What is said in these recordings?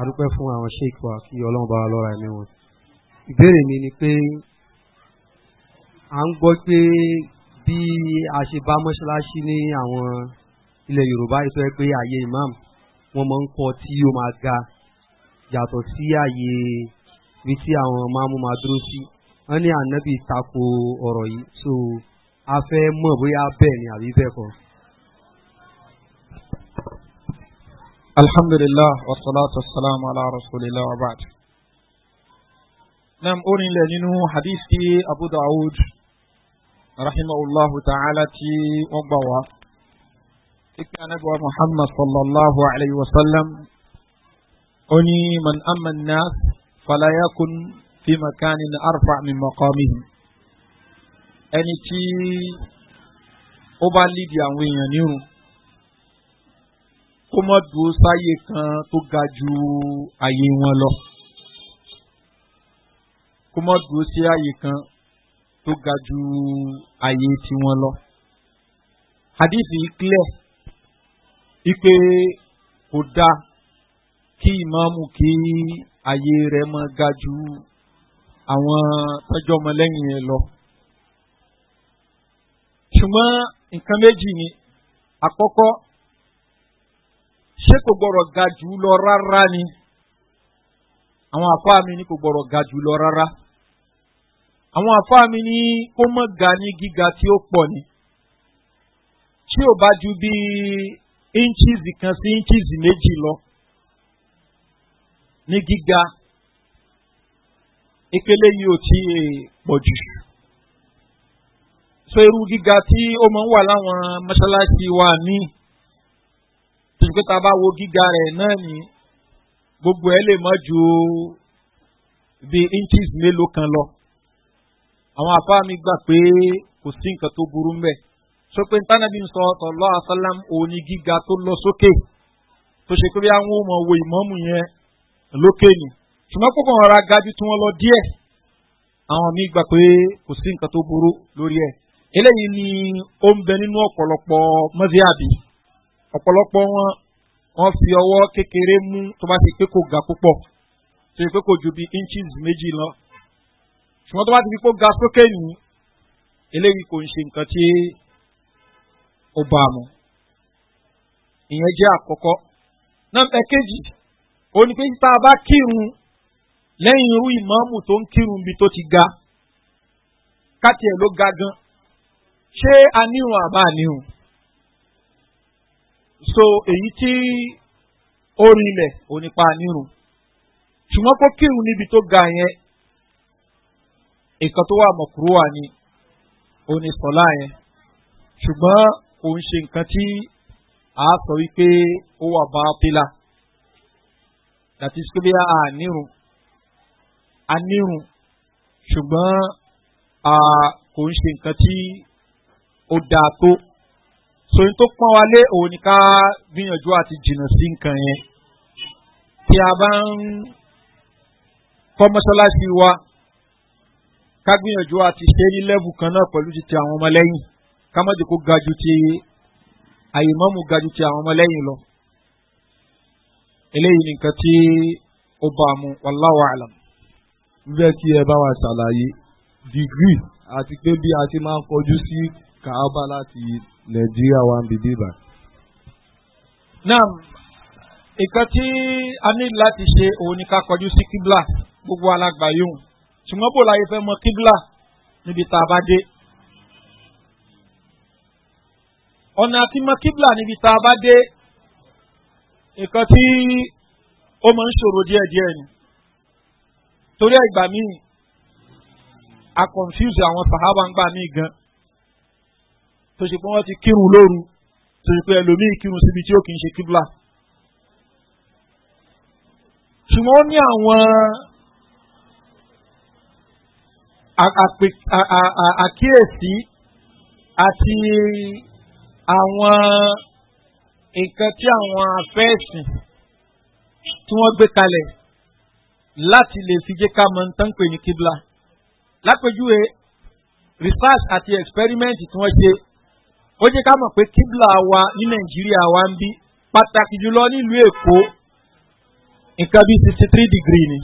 adúpẹ́ fún àwọn sheik wa kí ọlọ́run bá wa lọ́ra ẹ̀mí wọn. ìbéèrè mi ni pé à ń gbọ́ pé bí a ṣe bá mọ́ṣáláṣí ní àwọn ilẹ̀ yorùbá yìí tó yẹ pé ààyè imam wọn máa ń kọ́ tí ó máa ga yàtọ̀ sí ààyè ibi tí àwọn máàmú máa dúró sí wọ́n ní ànábì tako ọ̀rọ̀ yìí so a fẹ́ mọ̀ bóyá bẹ́ẹ̀ ni àbí bẹ́ẹ̀ kọ́. alhamdulillah wasalaatu wasalaamu ala rasulillah wa baad. naam orin lẹ nínú hadith ti abu dawud rahimahullahu ta'ala ti wọn gbà wá. ikpe anagba muhammad sallallahu alayhi wa sallam oni man amma nas fala yakun fi makanin arfa min maqamihim. ẹni tí ó bá lídìí àwọn èèyàn kó mọ́ dúró sáyé kan tó ga ju ayé wọn lọ kó mọ́ dúró sí ayé kan tó ga ju ayé tiwọn lọ. hadithi clear ipe kò da kí ìmáàmù kí ayé rẹ̀ mọ́ ga ju àwọn tọ́jọ́ ọmọlẹ́yìn ẹ̀ lọ. ṣùgbọ́n nǹkan méjì ni àkọ́kọ́ ṣé kò gbọ́dọ̀ ga jù lọ rárá ni àwọn àfáà mi ní kò gbọ́dọ̀ ga jù lọ rárá àwọn àfáà mi ní kó mọ̀ ga ní gíga tí ó pọ̀ ni tí ò bá ju bí inches kan sí inches méjì lọ ní gíga ìpele yìí ò tí pọ̀ jù so irú gíga tí ó máa ń wà láwọn mọ́ṣáláṣí wa míì pé tá a bá wo gíga rẹ̀ náà ni gbogbo ẹ̀ lè mọ́ ju bí inches mélòó kan lọ àwọn àfáà mi gbà pé kò sí nǹkan tó burú ń bẹ̀ sọ pé ntánàbí ń sọ ọ̀tọ̀lọ́ asálàm òní gíga tó lọ sókè tó ṣe pé bí àwọn ọmọ wo ìmọ̀ọ́mù yẹn lókè ni ṣùgbọ́n púpọ̀ ọ̀rá gajú tí wọ́n lọ díẹ̀ àwọn mi gbà pé kò sí nǹkan tó burú lórí ẹ̀ eléyìí ni ó ń bẹ nínú ọ̀pọ̀lọpọ̀ mọ́síàbí ọ̀pọ̀lọpọ̀ wọn wọ́n fi ọwọ́ kékeré mú tó bá ti pé kò ga púpọ̀ tó yẹ pé kò ju bí inches méjì lọ ṣùgbọ́n tó bá ti fi kó ga sókè yìí eléyìí kò ń ṣe nǹkan tí ó bá a mọ̀ ìyẹn jẹ́ àkọ́kọ́ nọ́mbà kejì òní pé tá a bá kírun lẹ́yìn irú ìmọ̀ọ́mù tó ń kírun bí tó ti ga káti ló ga gan ṣé a níhun àbá níhun so èyí tí ó rinlẹ̀ onípa nírun ṣùgbọ́n kó kírun níbi tó ga yẹn nǹkan tó wà mọ̀kúrú wà ní onísọ̀lá yẹn ṣùgbọ́n kò ń ṣe nǹkan tí a sọ wípé ó wà bá pílà dàtí síbi a nírun a nírun ṣùgbọ́n kò ń ṣe nǹkan tí ó dáa tó sòyìn tó pọ́n wa lé òun ni ká gbìyànjú àti jìnnà sí nǹkan yẹn tí a bá ń kọ́ mọ́ṣáláṣí wa ká gbìyànjú àti ṣe ní lẹ́bù kan náà pẹ̀lú ti ti àwọn ọmọlẹ́yìn ká má jẹ́ kó ga ju ti àyèmọ́mù ga ju ti àwọn ọmọlẹ́yìn lọ eléyìí ni nǹkan tí ó bá a mú wàláwà àlàm. bíbẹ́ kí ẹ bá wa ṣàlàyé dìgírì àti pé bí a ti máa ń kọjú sí. Si kàábà láti nàìjíríà wa ń bi bíbà. naam nǹkan tí a ní láti ṣe òun ni ká kọjú sí kíbla gbogbo alàgbà yòówù ṣùgbọ́n bò láyé fẹ́ mọ kíbla níbi tá a bá dé. ọ̀nà àti mọ kíbla níbi tá a bá dé nǹkan tí ó máa ń ṣòro díẹ̀díẹ̀ ni torí ìgbà míì a confuse àwọn sàhábà ń gbà míì gan-an tó ṣe pé wọ́n ti kírun lóru tó ṣe pé ẹlòmíì kírun síbi tí ó kì í ṣe kíbla. ṣùgbọ́n ó ní àwọn àkíyèsí àti àwọn nǹkan tí àwọn afẹ́ẹ̀sìn tí wọ́n gbé kalẹ̀ láti lè fi jẹ́ ká mọ nǹkan pè ní kíbla. lápèjúwe research àti experiment tí wọ́n ṣe ó jẹ́ ká mọ̀ pé kíbla wa ní nàìjíríà wa ń bí pàtàkì jùlọ nílùú èkó nǹkan bíi sixty three degree ni.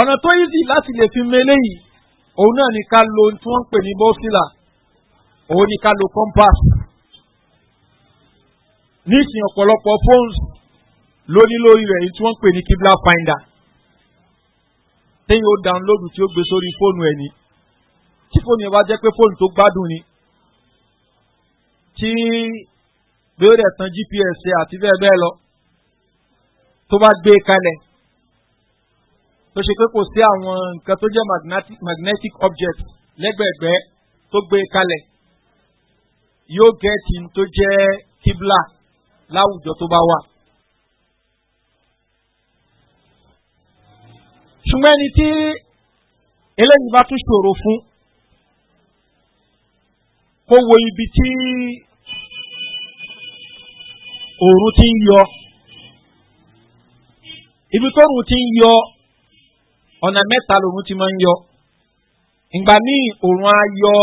ọ̀nà tó yí sí láti lè fi mele yìí òun náà ni ká lo ohun tí wọ́n ń pè ní bọ́sílà òun ni ká lo compass. nísìnyí ọ̀pọ̀lọpọ̀ phones ló ní lórí rẹ̀ tí wọ́n ń pè ní kíbla finder téyìn ó dáńlódù tí ó gbé sórí fóònù ẹ̀ ni tí fóònù yẹn bá jẹ́ pé fóònù tó gbádùn ni kí bí ó dẹ̀ tan gps ṣe àti bẹ́ẹ̀ bẹ́ẹ̀ lọ tó bá gbé kalẹ̀ tó ṣe pé kò sí àwọn nǹkan tó jẹ́ magnetic, magnetic object lẹ́gbẹ̀ẹ́gbẹ́ tó gbé kalẹ̀ yóò gẹ̀ẹ́tì tó jẹ́ kíbla láwùjọ tó bá wà. ṣùgbọ́n ẹni tí eléyìí bá tún ṣòro fún kó wo ibi tí òòrùn ti ń yọ ibi tó òòrùn ti ń yọ ọ̀nà mẹ́ta lòòrùn ti máa ń yọ ìgbà míì òòrùn á yọ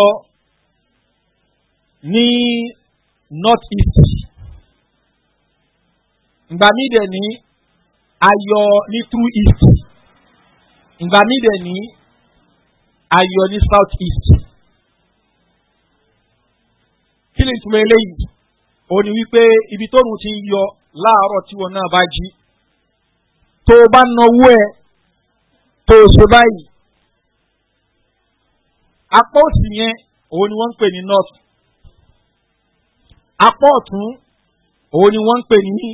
ní north east ìgbà míì dẹ̀ ní ayọ ní through east ìgbà míì dẹ̀ ní ayọ ní south east kí ni ìtumọ̀ eléyìí ó ní wípé ibi tóorùn ti ń yọ láàárọ̀ tí wọn náà bá jí tó o bá náwó ẹ tó o ṣe báyìí apá òsì yẹn òun ni wọ́n ń pè ní north apá ọ̀tún òun ni wọ́n ń pè ní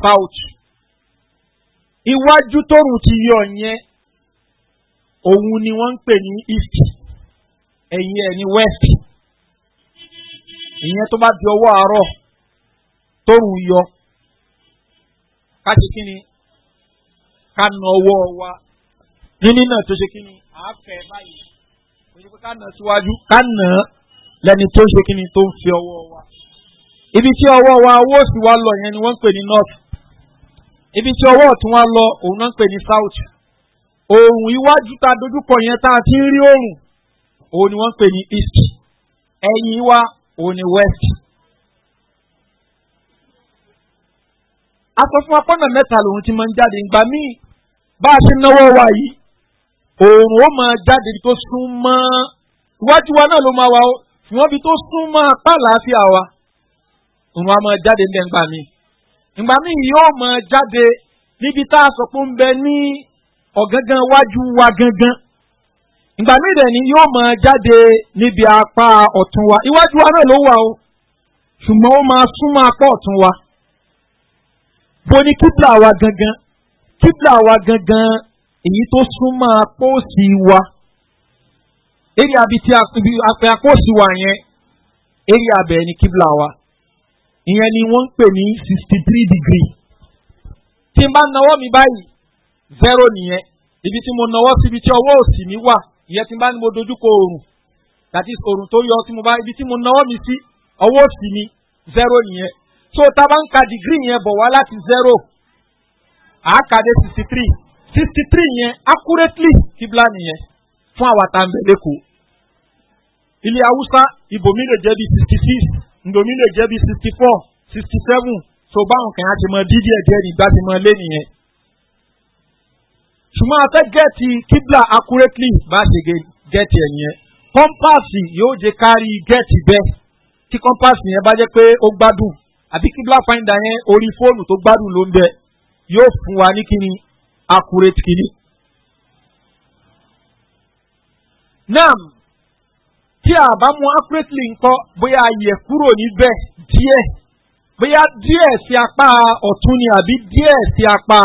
south iwájú tóorùn ti yọ yẹn òun ni wọ́n ń pè ní east ẹ̀yìn ẹ̀ ní west ìyẹn tó bá di ọwọ́ àárọ̀ tóru yọ ká ṣe kí ni ká na ọwọ́ wa níní náà tó ṣe kí ni àáfẹ́ báyìí kò ṣe pé ká nà síwájú ká nà lẹ́ni tó ṣe kí ni tó ń fi ọwọ́ wa ibi tí ọwọ́ wa owó sì wá lọ yẹn ni wọ́n ń pè ní north ibi tí ọwọ́ ọ̀tún wa lọ òun náà ń pè ní south oòrùn iwájú ta dojúkọ yẹn tá a ti ń rí oòrùn òun ni wọ́n ń pè ní east ẹ̀yìn wa òun ni west. a sọ fún apọ́nà mẹ́ta lòun ti máa ń jáde ìgbà míì bá a ṣe náwó wa yìí òòrùn ó máa jáde tó sún mọ́ iwájú wa náà ló máa wá o ṣùgbọ́n ibi tó sún mọ́ apá àlàáfíà wa òòrùn á máa jáde ní ẹ̀ǹgbà míì ìgbà míì yóò máa jáde níbi tá a sọ pé ń bẹ ní ọ̀gángan wájú wa gangan ìgbà míì dẹ̀ ni yóò máa jáde níbi apá ọ̀tún wa iwájú wa náà ló wà o ṣùgbọ́n ó máa súnmọ́ apá ọ̀tún wa bó ní kíbla wa gangan kíbla wa gangan èyí tó súnmọ́ apá òsì wa eré abi tí apẹ apá òsì wa yẹn eré abẹ ni kíbla wa ìyẹn ni wọ́n ń pè ní sixty three degree tí n bá nawọ́ mi báyìí zero nìyẹn ibi tí mo nawọ́ síbi tí ọwọ́ òsì mi wà ìyẹn ti bá ní mo dojú kọ oòrùn tàbí oòrùn tó yọ tí mo bá ibi tí mo náwó mi sí ọwọ́ òsì mi zero nìyẹn so tá a bá ń ka dìgírì yẹn bọ̀ wá láti zero àákàdé sixty three sixty three yẹn accurately kíbla nìyẹn fún àwa tá a ń ilé haúsá ibòmí lè jẹ́ bí sixty six ndomi lè jẹ́ bí sixty four sixty seven so báwọn kan á ti mọ dídí ẹ̀jẹ̀ nígbà tí mo lé nìyẹn ṣùgbọ́n afẹ́ gẹ̀ẹ́tì kíbla accurately bá ṣe gẹ̀ẹ́tì ẹ̀ yẹn kọ́mpáàsì yóò jẹ́ kárí gẹ̀ẹ́tì bẹ́ẹ̀ tí kọ́mpáàsì yẹn bá jẹ́ pé ó gbádùn àbí kíbla finder yẹn orí fóònù tó gbádùn ló ń bẹ yóò fún wa ní kíni accurate kíni. naam tí a bá mú accurately ńkọ bóyá ayẹ kúrò níbẹ̀ díẹ̀ bóyá díẹ̀ sí apá ọ̀tún ni àbí díẹ̀ sí apá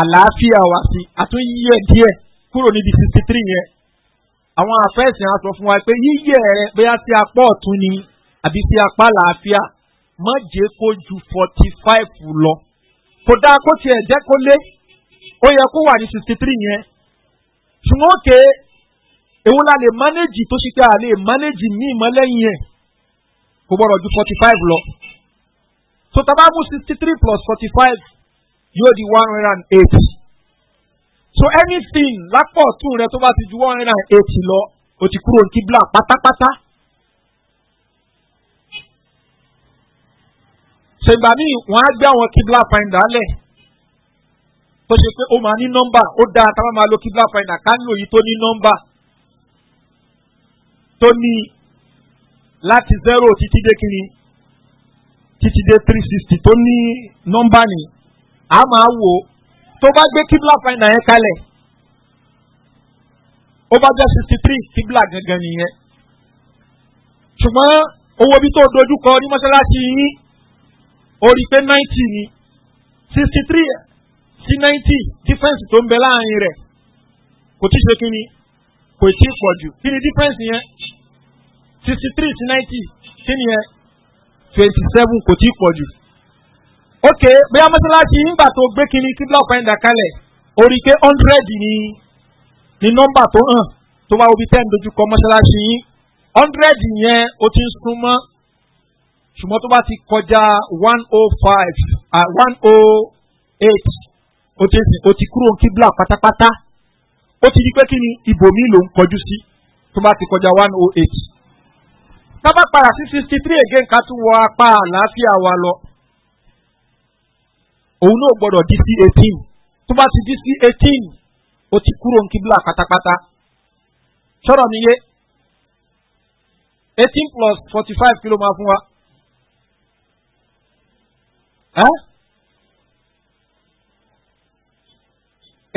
àlàáfíà wa sí àtúnyíyẹ díẹ̀ kúrò níbi sixty three yẹn àwọn àfẹ́sìn á sọ fún wa pé yíyẹ rẹ bóyá sí apá ọ̀tún ni àbí sí apá àlàáfíà má jẹ́ kó ju forty five lọ kò dáa kó tiẹ̀ jẹ́ kó lé ó yẹ kó wà ní sixty three yẹn ṣùgbọ́n òkè èwo la lè mánéjì tó ṣe pé a lè mánéjì ní ìmọ̀lẹ́yìn yẹn kò gbọ́dọ̀ ju forty five lọ so tá sixty three plus forty five yóò di one hundred and eighty so anything lápò ọ̀tún rẹ tó bá ti ju one hundred and eighty lọ o ti kúrò ní kíbla pátápátá. ṣègbà míì wọ́n á gbé àwọn kíbla finder lẹ̀ tó ṣe pé ó máa ní nọ́mbà ó dáa tá a máa lo kíbla finder ká ní òyìn tó ní nọ́mbà tó ní láti zero títí dé kiri títí dé three sixty tó ní nọ́mbà nìyí a máa wò ó tó bá gbé kíbla fáìnà yẹn kalẹ̀ ó bá jẹ́ sixty three kíbla gangan nìyẹn ṣùgbọ́n owó bí tó dojú kọ ní mọ́ṣáláṣí yín ó pé ninety ni sixty three sí ninety difference tó ń bẹ láàrin rẹ̀ kò tí ṣe kíni kò tí pọ̀ jù kíni difference yẹn sixty three sí ninety kíni yẹn twenty seven kò tí pọ̀ jù ok bóyá mọ́ṣáláṣí nígbà tó gbé kínní kíbla ọ̀pẹ̀ǹdà kalẹ̀ orí pé hundred ni ni nọ́mbà tó hàn tó wá obi ten dojúkọ mọ́ṣáláṣí yín hundred yẹn o ti ń sún mọ́ ṣùgbọ́n tó bá ti kọjá one oh five one oh eight o ti o ti kúrò kíbla pátápátá ó ti di pé kí ibòmí ló ń kọjú sí tó bá ti kọjá one oh eight tábà padà sí sixty three again ká tún wọ apá àlàáfíà wa lọ òun náà gbọ́dọ̀ di sí eighteen tó bá ti di sí eighteen ó ti kúrò ní kíbla pátápátá sọ̀rọ̀ mi yé eighteen plus forty five kilo máa fún wa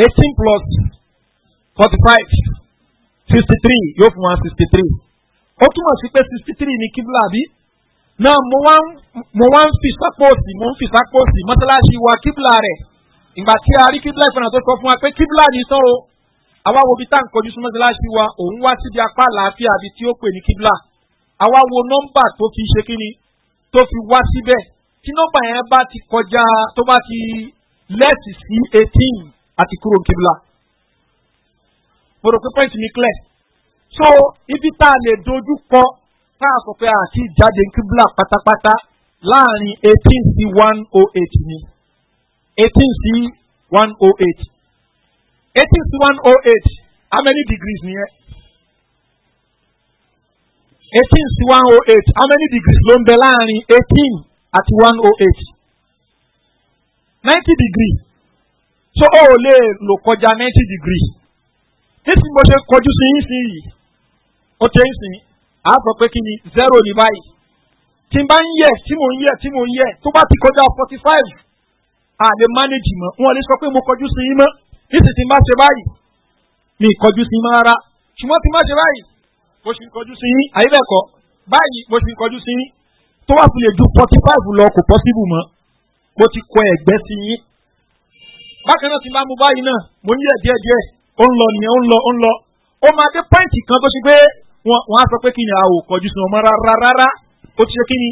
eighteen plus forty five fifty three yóò fún wa sixty three ó túmọ̀ sí pé sixty three ni kíbla bíi náà mo wá mo wá ń fi sápòsì mo ń fi sápòsì mọ́sálásí wa kíbla rẹ̀ ìgbà tí a rí kíbla ìfọ̀nà tó sọ fún wa pé kíbla ní sọ́rọ̀ àwa wo bí tá à ń wa òun wá síbi apá àlàáfíà àbí tí ó pè ní kíbla àwa wo nọ́mbà tó fi ṣe kíni tó fi wá síbẹ̀ tí nọ́mbà yẹn bá ti kọjá tó bá ti lẹ́sì sí eighteen àti kúrò kíbla mo rò pé pọ́ìntì mi clear so ibi tá a lè dojú kọ táà sọ pé àti ìjáde kíbla pátápátá láàrin eighteen sí one O oh eight ni eighteen sí one O oh eight eighteen sí one O oh eight how many degrees ni yẹn eighteen sí one O eight how many degrees ló ń bẹ láàrin eighteen àti one O eight ninety degrees so ó lè lò kọjá ninety degrees nísìnyí mo ṣe kọjú sí yín sí yìí ó tẹ́ yín sí yín á sọ pé kí ni zero ní báyìí tí n bá ń yẹ tí mò ń yẹ tí mò ń yẹ tó bá ti kọjá forty five à lè manage mọ́ wọn lè sọ pé mo kọjú sí yín mọ́ nísìsiyìí tí n bá ṣe báyìí mi kọjú sí yín mọ́ rárá ṣùgbọ́n tí n bá ṣe báyìí mo sì ń kọjú sí yín àyíbẹ̀kọ báyìí mo sì ń kọjú sí yín tó wà fi lè ju forty five lọ kò possible mọ́ mo ti kọ ẹ̀gbẹ́ sí yín bákan náà ti bá mu báyìí náà mo ń yẹ díẹ̀díẹ̀ ó ń lọ nìyẹn ó ń lọ ó ń lọ ó máa dé pọ́ìntì kan tó ṣe pé wọ́n á sọ pé kí ni a ò kọjú sí wọn mọ́ rárá rárá ó ti ṣe kí ni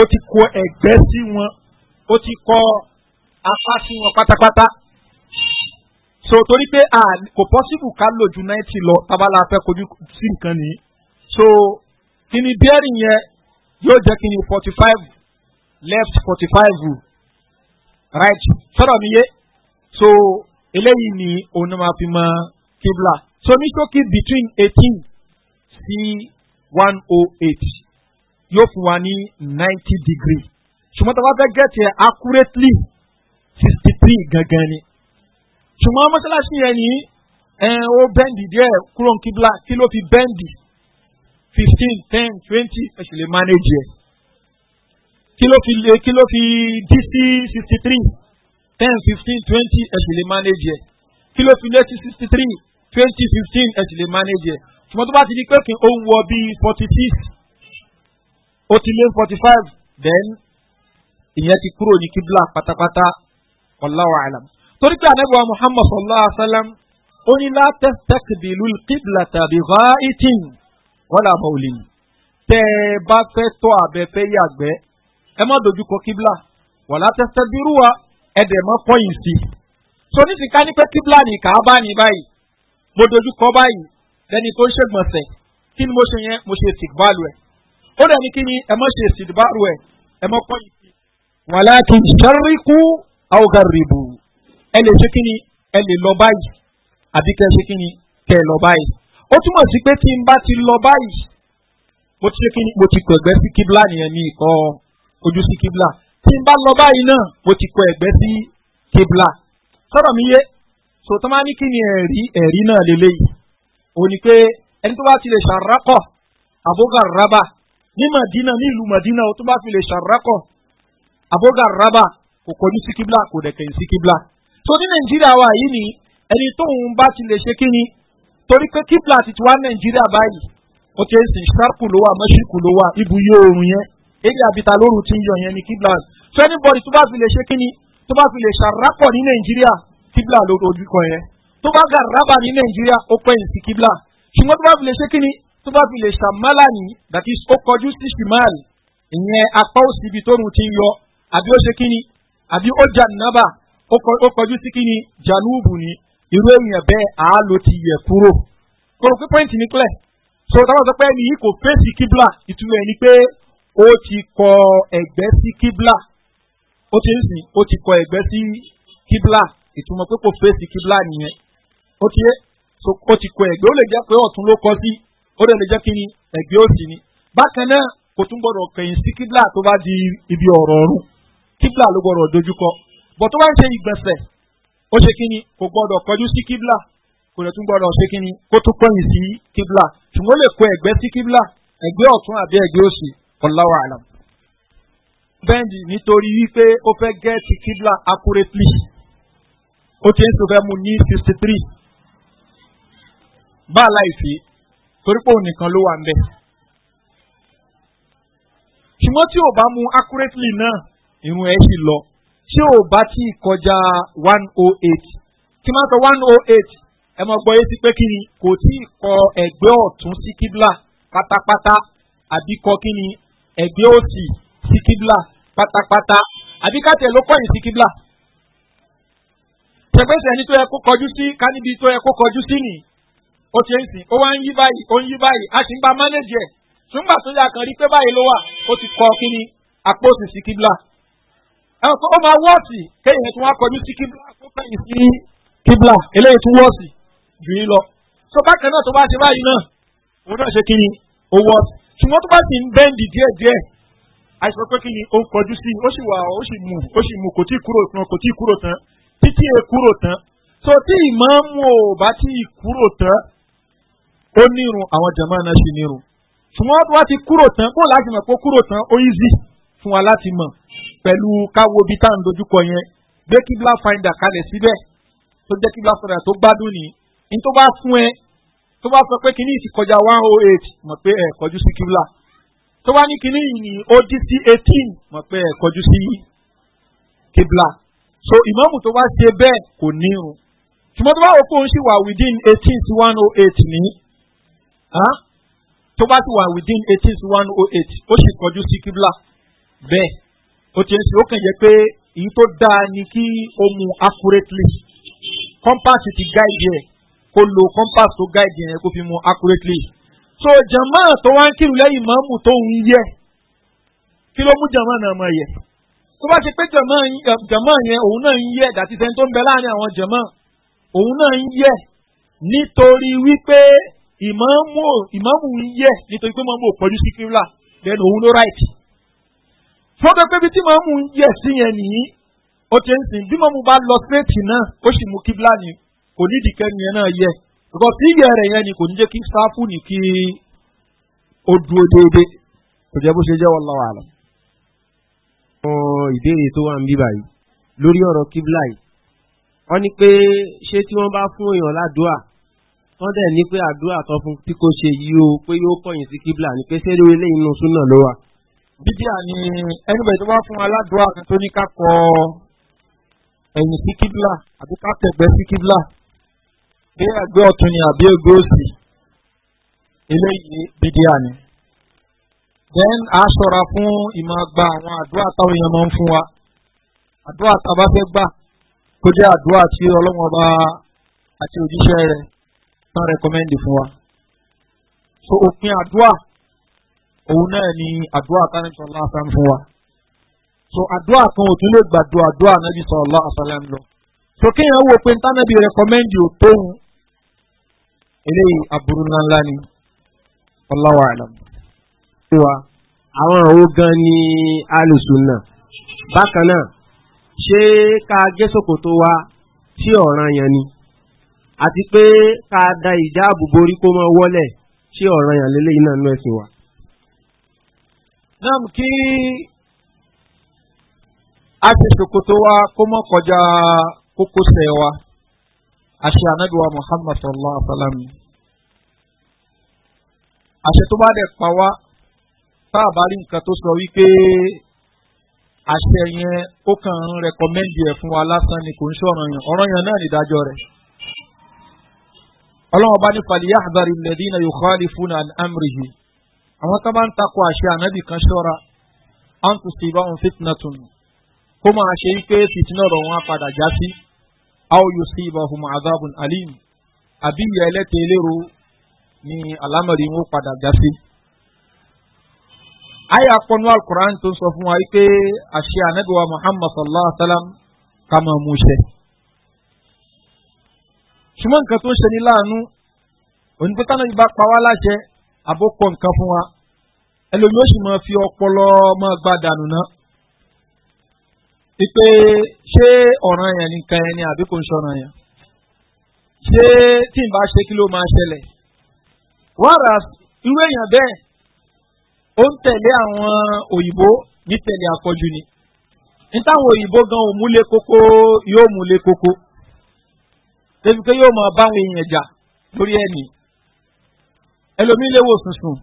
ó ti kọ ẹ̀gbẹ́ sí wọn ó ti kọ apá sí wọn pátápátá so torí pé a kò pọ́sibù ká lò ju náìtì lọ tábàlà afẹ́ kojú sí nǹkan nìyí so kí ni bẹ́ẹ̀rì yẹn yóò jẹ́ kí ni forty five left forty five right sọ̀rọ̀ mi yé so eléyìí ni òun máa fi mọ kíbla so ní ṣókí between eighteen sí 108. oh eight yóò fún wa ní ninety degree ṣùgbọ́n tàbá fẹ́ gẹ̀ẹ́tì ẹ̀ accurately sixty three gangan ni ṣùgbọ́n mọ́ṣáláṣí yẹn ni ó bẹ́ǹdì díẹ̀ kúrò ní kíbla kí ló fi bẹ́ǹdì fifteen ten twenty ẹ̀sìn lè manage ẹ̀ kí ló fi lè kí ló fi dí sí sixty three ten fifteen twenty ẹ̀sìn lè manage ẹ̀ kí ló fi lé sí sixty three twenty fifteen ẹ̀sìn lè manage ẹ̀ ṣùgbọ́n tó bá ti di pé kí n ó wọ bíi forty six ó ti lé forty five then ìyẹn ti kúrò ní kíbla pátápátá ọláwà àlàm. torí pé ànábì wa muhammad sallallahu alaihi wa sallam ó ní láti tẹ́kìdìlú kíbla tàbí ghaitin wọ́n làbọ̀ òlì ni. tẹ́ ẹ bá fẹ́ tọ́ abẹ́fẹ́ yàgbẹ́ ẹ má dojú kọ kíbla wà láti tẹ́bírú wa ẹ dẹ̀ mọ́ pọ́yìn sí i. ní ti ká ní pé kíbla ní kàá bá ní báyìí mo dojú kọ báyìí lẹ́ni tó ń ṣègbọ̀nsẹ̀ kí ni mo ṣe yẹn mo ṣe sìgbàlù ẹ̀ ó dẹ̀ kí ni ẹ mọ̀ ṣe sìgbàlù ẹ̀ ẹ mọ̀ kọ́ yìí. wàláàkì sẹ́ríkù àwògàrìbù ẹ lè ṣe kí ni ẹ lè lọ báyìí àbí kẹ́ ẹ ṣe kí ni kẹ́ ẹ lọ báyìí ó túmọ̀ sí pé tí n bá ti lọ báyìí mo ti ṣe kí ni mo ti kọ ẹ̀gbẹ́ sí kíbla nìyẹn ní ìkọ́ ojú sí kíbla tí n bá lọ báyìí náà mo ti kọ ẹ̀gbẹ́ sí kíbla sọ̀rọ̀ mi yé sọ̀tọ́ máa ní kí ni ẹ̀rí ẹ̀rí náà lélẹ́yìí òní pé ẹni tó bá ti lè ṣàrákọ̀ àbógaraba ní madina ní ìlú madina tó bá fi lè ṣàrákọ̀ àbógaraba kò kọjú sí kíbla kò dẹ̀kẹ̀ sí kíbla. so ní nàìjíríà wa yìí ni ẹni tóun bá ti lè ṣe kíni torí pé kíbla ti ti wá nàìjíríà báyìí ó ti ń sìn ṣárkù ló wà mọ́ṣíkù ló wà ibùyé oòrùn yẹn èyí àbíta lóru ti ń yọ yẹn ní kíbla so anybody tó bá fi lè ṣe kíni tó bá fi lè ṣàrákọ̀ ní nàìjíríà kíbla ló dojú kọ yẹn tó bá gà rábà ní nàìjíríà ó pẹ́ yìí sí kíbla ṣùgbọ́n tó bá fi lè ṣe kíni tó bá fi lè ṣàmálà ní that is ó kọjú sí ṣìmáàlì ìyẹn apá òsì ibi tóorùn ti ń yọ àbí ó ṣe kíni àbí ó jà nábà ó kọjú sí kíni jànúùbù ni irú èèyàn bẹ́ẹ̀ àálò ti yẹ kúrò kòrò pé pọ́ìntì ní clear so táwọn sọ pé ẹni yìí kò fèsì kíbla ìtumọ̀ ẹ̀ ni pé ó ti kọ ẹ̀gbẹ́ sí kíbla ó ti ń sìn ó ti kọ ẹ̀gbẹ́ sí kíbla ìtumọ̀ pé kò fèsì kíbla nìyẹn ó ti yẹ ó ti kọ ẹ̀gbẹ́ ó lè jẹ́ pé ọ̀tún ló kọ sí ó dẹ̀ lè jẹ́ kí ni ẹ̀gbẹ́ òsì ni bákan náà kò tún gbọdọ̀ kẹ̀yìn sí kíbla tó bá di ibi ọ̀rọ̀ ọ̀run kíbla ló gbọdọ̀ dojúkọ bọ̀ tó bá ń ṣe ìgbẹ̀sẹ̀ ó ṣe kí ni kò gbọdọ̀ kọjú sí kíbla kò lè tún gbọdọ̀ ṣe kí ni kó tún kọ̀yìn sí kíbla ṣùgbọ́n ó lè kọ ẹ̀gbẹ́ sí kíbla ẹ̀gbẹ́ ọ̀tún àbí ẹ̀gbẹ́ òsì ọ̀làwà àlàm. bẹ́ẹ̀ni nítorí wípé ó fẹ́ gẹ́ẹ̀tì kíbla accurately ó ti ń sọ fẹ́ mu ní fifty three bá a láìsí torí pé òun nìkan ló wà ń bẹ̀. ṣùgbọ́n tí ò bá mu accurately náà irun ẹ̀ sì lọ tí ò bá tí ì kọjá one oh eight tí máa sọ one oh eight ẹ mọ̀ gbọ́ yé sí pé kí ni kò tí ì kọ ẹ̀gbẹ́ ọ̀tún sí kíbla pátápátá àbí kọ kí ni ẹ̀gbẹ́ òsì sí kíbla pátápátá àbí káàtì ló kọ́yìn sí kíbla. ṣẹ̀gbẹ́sẹ̀ ní tó yẹ kó kọjú sí ká níbi tó yẹ kó kọjú sí nìyí ó ti ń sìn ó wá ń yí báyìí ó ń yí báyìí a sì ń gba mánéjì ẹ̀ ṣùgbọ́n tó yà kàn rí pé báyìí ló wà ó ti kọ kíni àpò òsì sí kíbla ẹ̀rọ tó máa wọ́ọ̀sì kéèyàn tí wọ́n kọjú sí kíbla tó kẹ́yìn sí kíbla eléyìí tún wọ́ọ̀sì jù yín lọ tó bákan náà tó bá ti báyìí náà òun náà ṣe kíni ó wọ́ọ̀sì ṣùgbọ́n tó bá ti ń bẹ́ǹdì díẹ̀díẹ̀ àìsàn pé kíni ó nírun àwọn jama náà ṣe nírun ṣùgbọ́n wá ti kúrò tán kó láti mọ̀ pé kúrò tán ó easy fún wa láti mọ̀ pẹ̀lú káwo bí tá à ń dojúkọ yẹn gbé kíbla finder kalẹ̀ síbẹ̀ tó jẹ́ kíbla finder tó gbádùn ní ní tó bá fún ẹ tó bá sọ pé kíní ìsì kọjá one oh eight mọ̀ pé ẹ̀ kọjú sí kíbla tó bá ní kíní ìní ó sí eighteen mọ̀ pé ẹ̀ kọjú sí kíbla so ìmọ̀mù tó bá ṣe bẹ́ẹ̀ kò nírun ṣùgbọ́n tó bá wò òun ṣì wà within eighteen to one oh eight ní tó bá ti wà within eighteen to one oh eight ó sì kọjú sí kíbla bẹ́ẹ̀ ó ti ń sè ó kàn yẹ pé èyí tó dáa ni kí o mu accurately compass ti guide yẹ kó lo compass tó guide yẹn kó fi mu accurately so jama tó wá ń kírun lẹ́yìn mọ́mù tó ń yẹ kí ló mú jama náà mọ̀ yẹ tó bá ṣe pé jama eh, yẹn òun náà ń yẹ dàtí sẹ́ni tó ń bẹ láàrin àwọn jama òun náà ń yẹ nítorí wípé ìmáàmù ìmáàmù ń yẹ nítorí pé mọ́mú ò kọjú sí kírílà then òun ló right? fọ́dọ̀ pé bí tí mọ́mú ń yẹ sí yẹn nìyí ó ti ń sìn bí mọ́mú bá lọ síréètì náà ó sì mú kírílà ni kò ní ìdíkẹ́ni yẹn náà yẹ kò sí yẹ rẹ̀ yẹn ni kò ní jẹ́ kí sáfù ní kí ó dúró déédéé kò jẹ́ bó ṣe jẹ́ wọ́n lọ́wọ́ àlọ́. àwọn ìbéèrè tó wà ń bíbà yìí lórí ọ̀rọ̀ kíbla yìí wọ́n ní pé ṣé tí wọ́n bá fún èèyàn ládùúà wọ́n dẹ̀ ní pé àdúrà tán fún tí kò ṣe yìí o pé yóò kọ̀yìn sí kíbla ní pé sẹ́rí ilé inú súnà ló wà. bídíà ni ẹnubẹ̀ tó bá fún aládùúrà kan tó ní ká kọ ẹ̀yìn sí kíbla àbí ká tẹ̀gbẹ́ sí kíbla bí ẹgbẹ́ ọ̀tún ni àbí ẹgbẹ́ òsì eléyìí bídíà ni. then a ṣọra fún ìmọ̀ gba àwọn àdúrà táwọn èèyàn máa ń fún wa àdúrà tá a bá fẹ́ gbà kó jẹ́ àdúrà tí ọlọ́wọ́n bá àti òjíṣẹ́ rẹ̀ tán rẹkọmẹ́ndì fún wa. so òpin àdúrà òun náà ni àdúrà tánìtàn lásán fún wa. so àdúrà kan ò tún lè gbàdúrà àdúrà nàbì sọ̀rọ̀ àṣàlẹ̀ ńlọ. so kéèyàn wò pé tánàbì rẹkọmẹ́ndì ò tóun eléyìí aburú ńláńlá ni Allahu a'lam. àwọn àwọn gan ni alùsùnà bákan náà ṣé ká gé ṣòkòtò wa tí ọ̀ràn yẹn ni àti pé ká da ìjáàbù borí kó mọ wọlẹ̀ ṣé ọ̀ràn yàn lélẹ́yìn náà nú ẹ̀sìn wa. náà kí a ṣe ṣòkòtò wa kó mọ kọjá kókósẹ̀ wa àṣẹ anábìwá muhammad sallallahu alaihi wa sallam àṣẹ tó bá dẹ̀ pa wá tá a bá rí nǹkan tó sọ wípé àṣẹ yẹn ó kàn ń rẹkọmẹ́ndì ẹ̀ fún wa lásán ni kò ń ṣọ̀ràn yàn ọ̀ràn yàn náà nìdájọ́ rẹ̀ ọlọ́wọ́n bá ní fàlíyà àgbàrí lẹ́dínà yóò kọ́lé fún amúrìhì àwọn tó bá ń takò àṣẹ ànábì kan ṣọ́ra àwọn tó sì bá wọn fitna tún kó máa ṣe pé fitna rọ̀ wọn padà já sí àwọn yóò sì bá wọn azabun alim àbí ìyá ẹlẹ́tẹ̀ eléro ni alámọ̀rí wọn padà já sí. ayé akọni alukur'an tó sọ fún wa pé àṣẹ ànábì wa muhammad sallallahu alaihi wa sallam kà máa mú ṣe ṣùgbọ́n nǹkan tó ń ṣe ni láàánú onípẹ́tà náà bá pa wá láṣẹ àbókọ nǹkan fún wa ẹlòmíì ó sì máa fi ọpọlọ máa gba dànù náà ipe ṣé ọ̀ràn yẹn nìkan yẹn ni àbí kò ń ṣọ̀ràn yẹn ṣé tí n bá ṣe kí ló máa ṣẹlẹ̀ wàrà irú èèyàn bẹ́ẹ̀ ó ń tẹ̀lé àwọn òyìnbó ní tẹ̀lé àpọ̀jù ni ní òyìnbó gan òmúlé kókó yóò múlé kókó débi pé yóò máa báwọn èèyàn jà lórí ẹ̀mí ẹlòmíì lè wò sùnsùn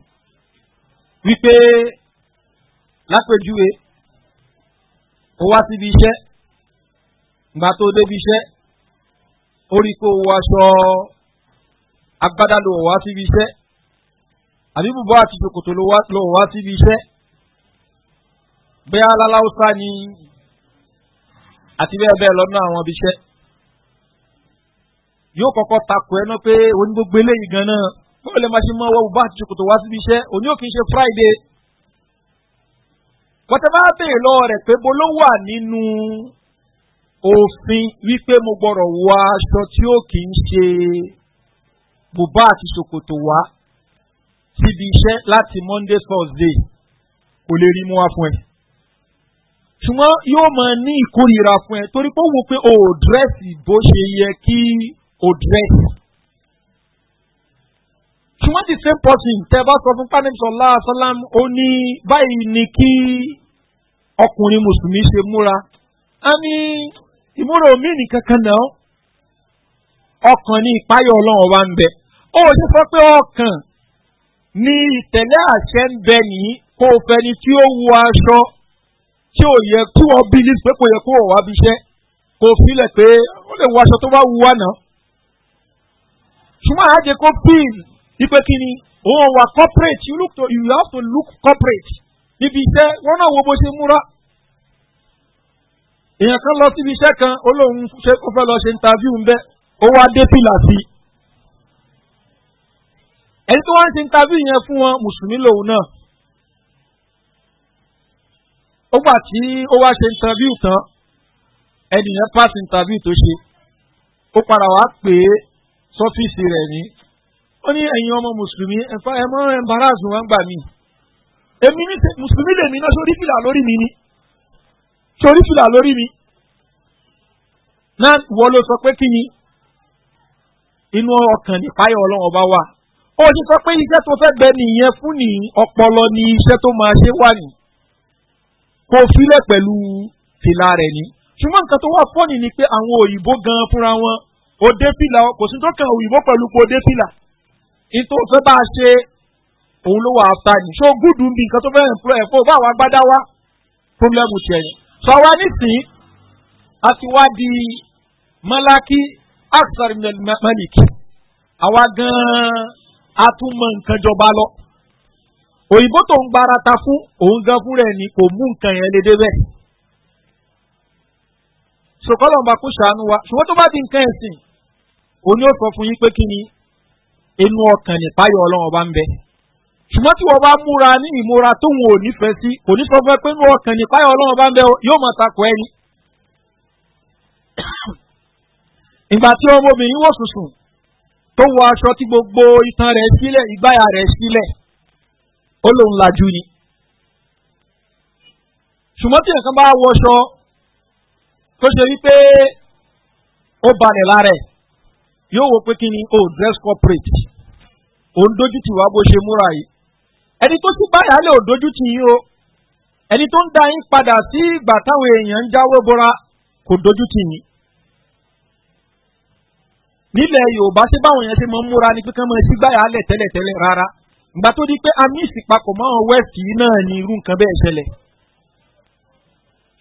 wípé lápèjúwe ó wá síbi iṣẹ́ gbà tó débi iṣẹ́ ó rí kó wọ aṣọ agbádá ló wá síbi iṣẹ́ àbí àti ṣòkòtò ló wá síbi iṣẹ́ bẹ́ẹ̀ alálàúsá ni àti bẹ́ẹ̀ bẹ́ẹ̀ lọ́nà àwọn ibi iṣẹ́ yóò kọ́kọ́ takò ẹ náà pé onígbogbo eléyìí gan náà báwo lè máa ṣe mọ ọwọ́ bá àtúntò kòtò wá síbi iṣẹ́ òní ò kì í ṣe friday. kọ́tẹ́ bá béèrè lọ́wọ́ rẹ̀ pé bó ló wà nínú òfin wípé mo gbọ́dọ̀ wọ aṣọ tí ó kì í ṣe bùbá àti ṣòkòtò wá síbi iṣẹ́ láti monday thursday kò lè rí mú wá fún ẹ ṣùgbọ́n yóò máa ní ìkórìíra fún ẹ torí pé ó wò pé o ò dírẹ́sì bó ṣe yẹ kí kò dress. ṣùgbọ́n the same person tẹ́ bá sọ fún pàdánù sọlá ó ní báyìí ni kí ọkùnrin mùsùlùmí ṣe múra á ní ìmúra omi nìkan kan náà ọkàn ní ìpáyọ̀ ọlọ́run wa ń bẹ ó ṣe sọ pé ọkàn ní ìtẹ̀lé àṣẹ ń bẹ nìyí kó o fẹ́ ni tí ó wọ aṣọ tí ò yẹ tí wọ́n bí ní pé kò yẹ kó o wá bí iṣẹ́ kò filẹ̀ pé ó lè wọ aṣọ tó bá wù wá náà tuma aje ko pin ipe kini òun wà corporate you look to you have to look corporate níbi iṣẹ́ wọn náà wo bó ṣe múra èèyàn kan lọ síbi iṣẹ́ kan olóhùn ṣe kó fẹ́ lọ ṣe interview ń bẹ́ ó wá dé pìlà sí i ẹni tó wá ń ṣe interview yẹn fún wọn mùsùlùmí lòun náà ó gbà tí ó wá ṣe interview tán ẹnìyẹn pass interview tó ṣe ó padà wá pè é sọ́fíìsì rẹ̀ ni ó ní ẹ̀yin ọmọ mùsùlùmí ẹ̀fà ẹ̀mọ́ ẹ̀mbáràsì wọn gbà mí èmi ní mùsùlùmí lèmi náà sórí fìlà lórí mi ni sórí fìlà lórí mi náà wọ́n ló sọ pé kí ni inú ọkàn nípáyọ̀ ọlọ́run ọba wà ó ti sọ pé iṣẹ́ tó fẹ́ gbẹ nìyẹn fún ní ọpọlọ ni iṣẹ́ tó máa ṣe wà ní kò filẹ̀ pẹ̀lú fìlà rẹ̀ ni ṣùgbọ́n nǹkan tó wà fọ́ọ̀nì ni pé àwọn òyìnbó gan fúnra wọn òde fìlà kò sí tó kàn òyìnbó pẹ̀lú pé òde fìlà ìtò òfẹ́ bá a ṣe òun ló wà áfta yìí ṣó gúdù ń bi nǹkan tó fẹ́ ẹ̀fọ́ ẹ̀fọ́ bá àwọn agbádá wá pọ́blẹ́mù tiẹ̀ yẹn sọ wá nísìnyí a ti wá di mọ́lákì aksar malik àwa gan-an a tún mọ nǹkan jọba lọ òyìnbó tó ń gbára ta fún òun gan fúnra ẹ̀ ni kò mú nǹkan yẹn lédè bẹ́ẹ̀ sọkọlọ́ọ̀ba kò ṣàánú wa ṣùgbọ́n tó bá di nǹkan ẹ̀sìn oní ò sọ fún yín pé kí ni inú ọkàn nípayọ ọlọ́run ọba ń bẹ ṣùgbọ́n tí wọ́n bá múra ní ìmúra tó wọn ò nífẹ̀ẹ́ sí kò ní sọ fún ẹ pé inú ọkàn nípayọ ọlọ́run ọba ń bẹ yóò mọ̀ takò ẹni. ìgbà tí ọmọbìnrin wò sùsùn tó wọ aṣọ tí gbogbo itan rẹ̀ sílẹ̀ ìgbáyà rẹ̀ sílẹ̀ ó lòun lajú ni ṣùgbọ́n tí nǹkan bá wọṣọ tó ṣe wípé ó balẹ̀ lára ẹ̀ yóò wò pé kí ni o oh, dress corporate o ń dojú tì wá bó ṣe múra yìí ẹni tó ti báyà lè ò dojú tì yín o ẹni tó ń da yín padà sí ìgbà táwọn èèyàn ń jáwé bora kò dojú tì yín nílẹ̀ yorùbá sí báwọn yẹn ṣe mọ múra ni pé kán mọ sí gbáyà lẹ̀ tẹ́lẹ̀tẹ́lẹ̀ rárá ìgbà tó di pé amísì papọ̀ mọ́ west yìí náà ni irú nǹkan bẹ́ẹ̀ ṣẹlẹ̀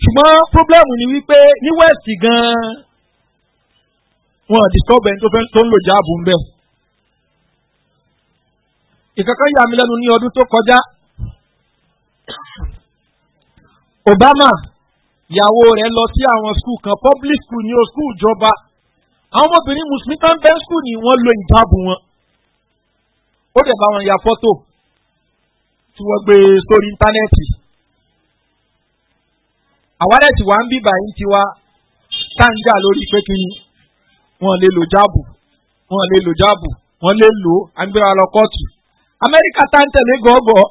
ṣùgbọ́n pírọ́blẹ́mù ni wípé ní west gan-an wọn disturb ẹni tó fẹ́ tó ń lò jáàbù ń bẹ̀. ìkankan yà mí lẹ́nu ní ọdún tó kọjá Obama ìyàwó rẹ̀ lọ sí àwọn skul kan public school ní o skul ìjọba àwọn ọmọbìnrin mùsùlùmí tó ń skul ni wọ́n lo ìjáàbù wọn ó dẹ̀ bá wọn ya fọ́tò tí wọ́n gbé sórí íńtánẹ́ẹ̀tì àwárẹ̀ tí ń bíbà yín tiwa tá ń jà lórí pé kí ni wọn lè lo jáàbù wọn lè lo jáàbù wọn lè lo agbéra lọ kóòtù amẹ́ríkà tá ń tẹ̀lé gọ́gọ́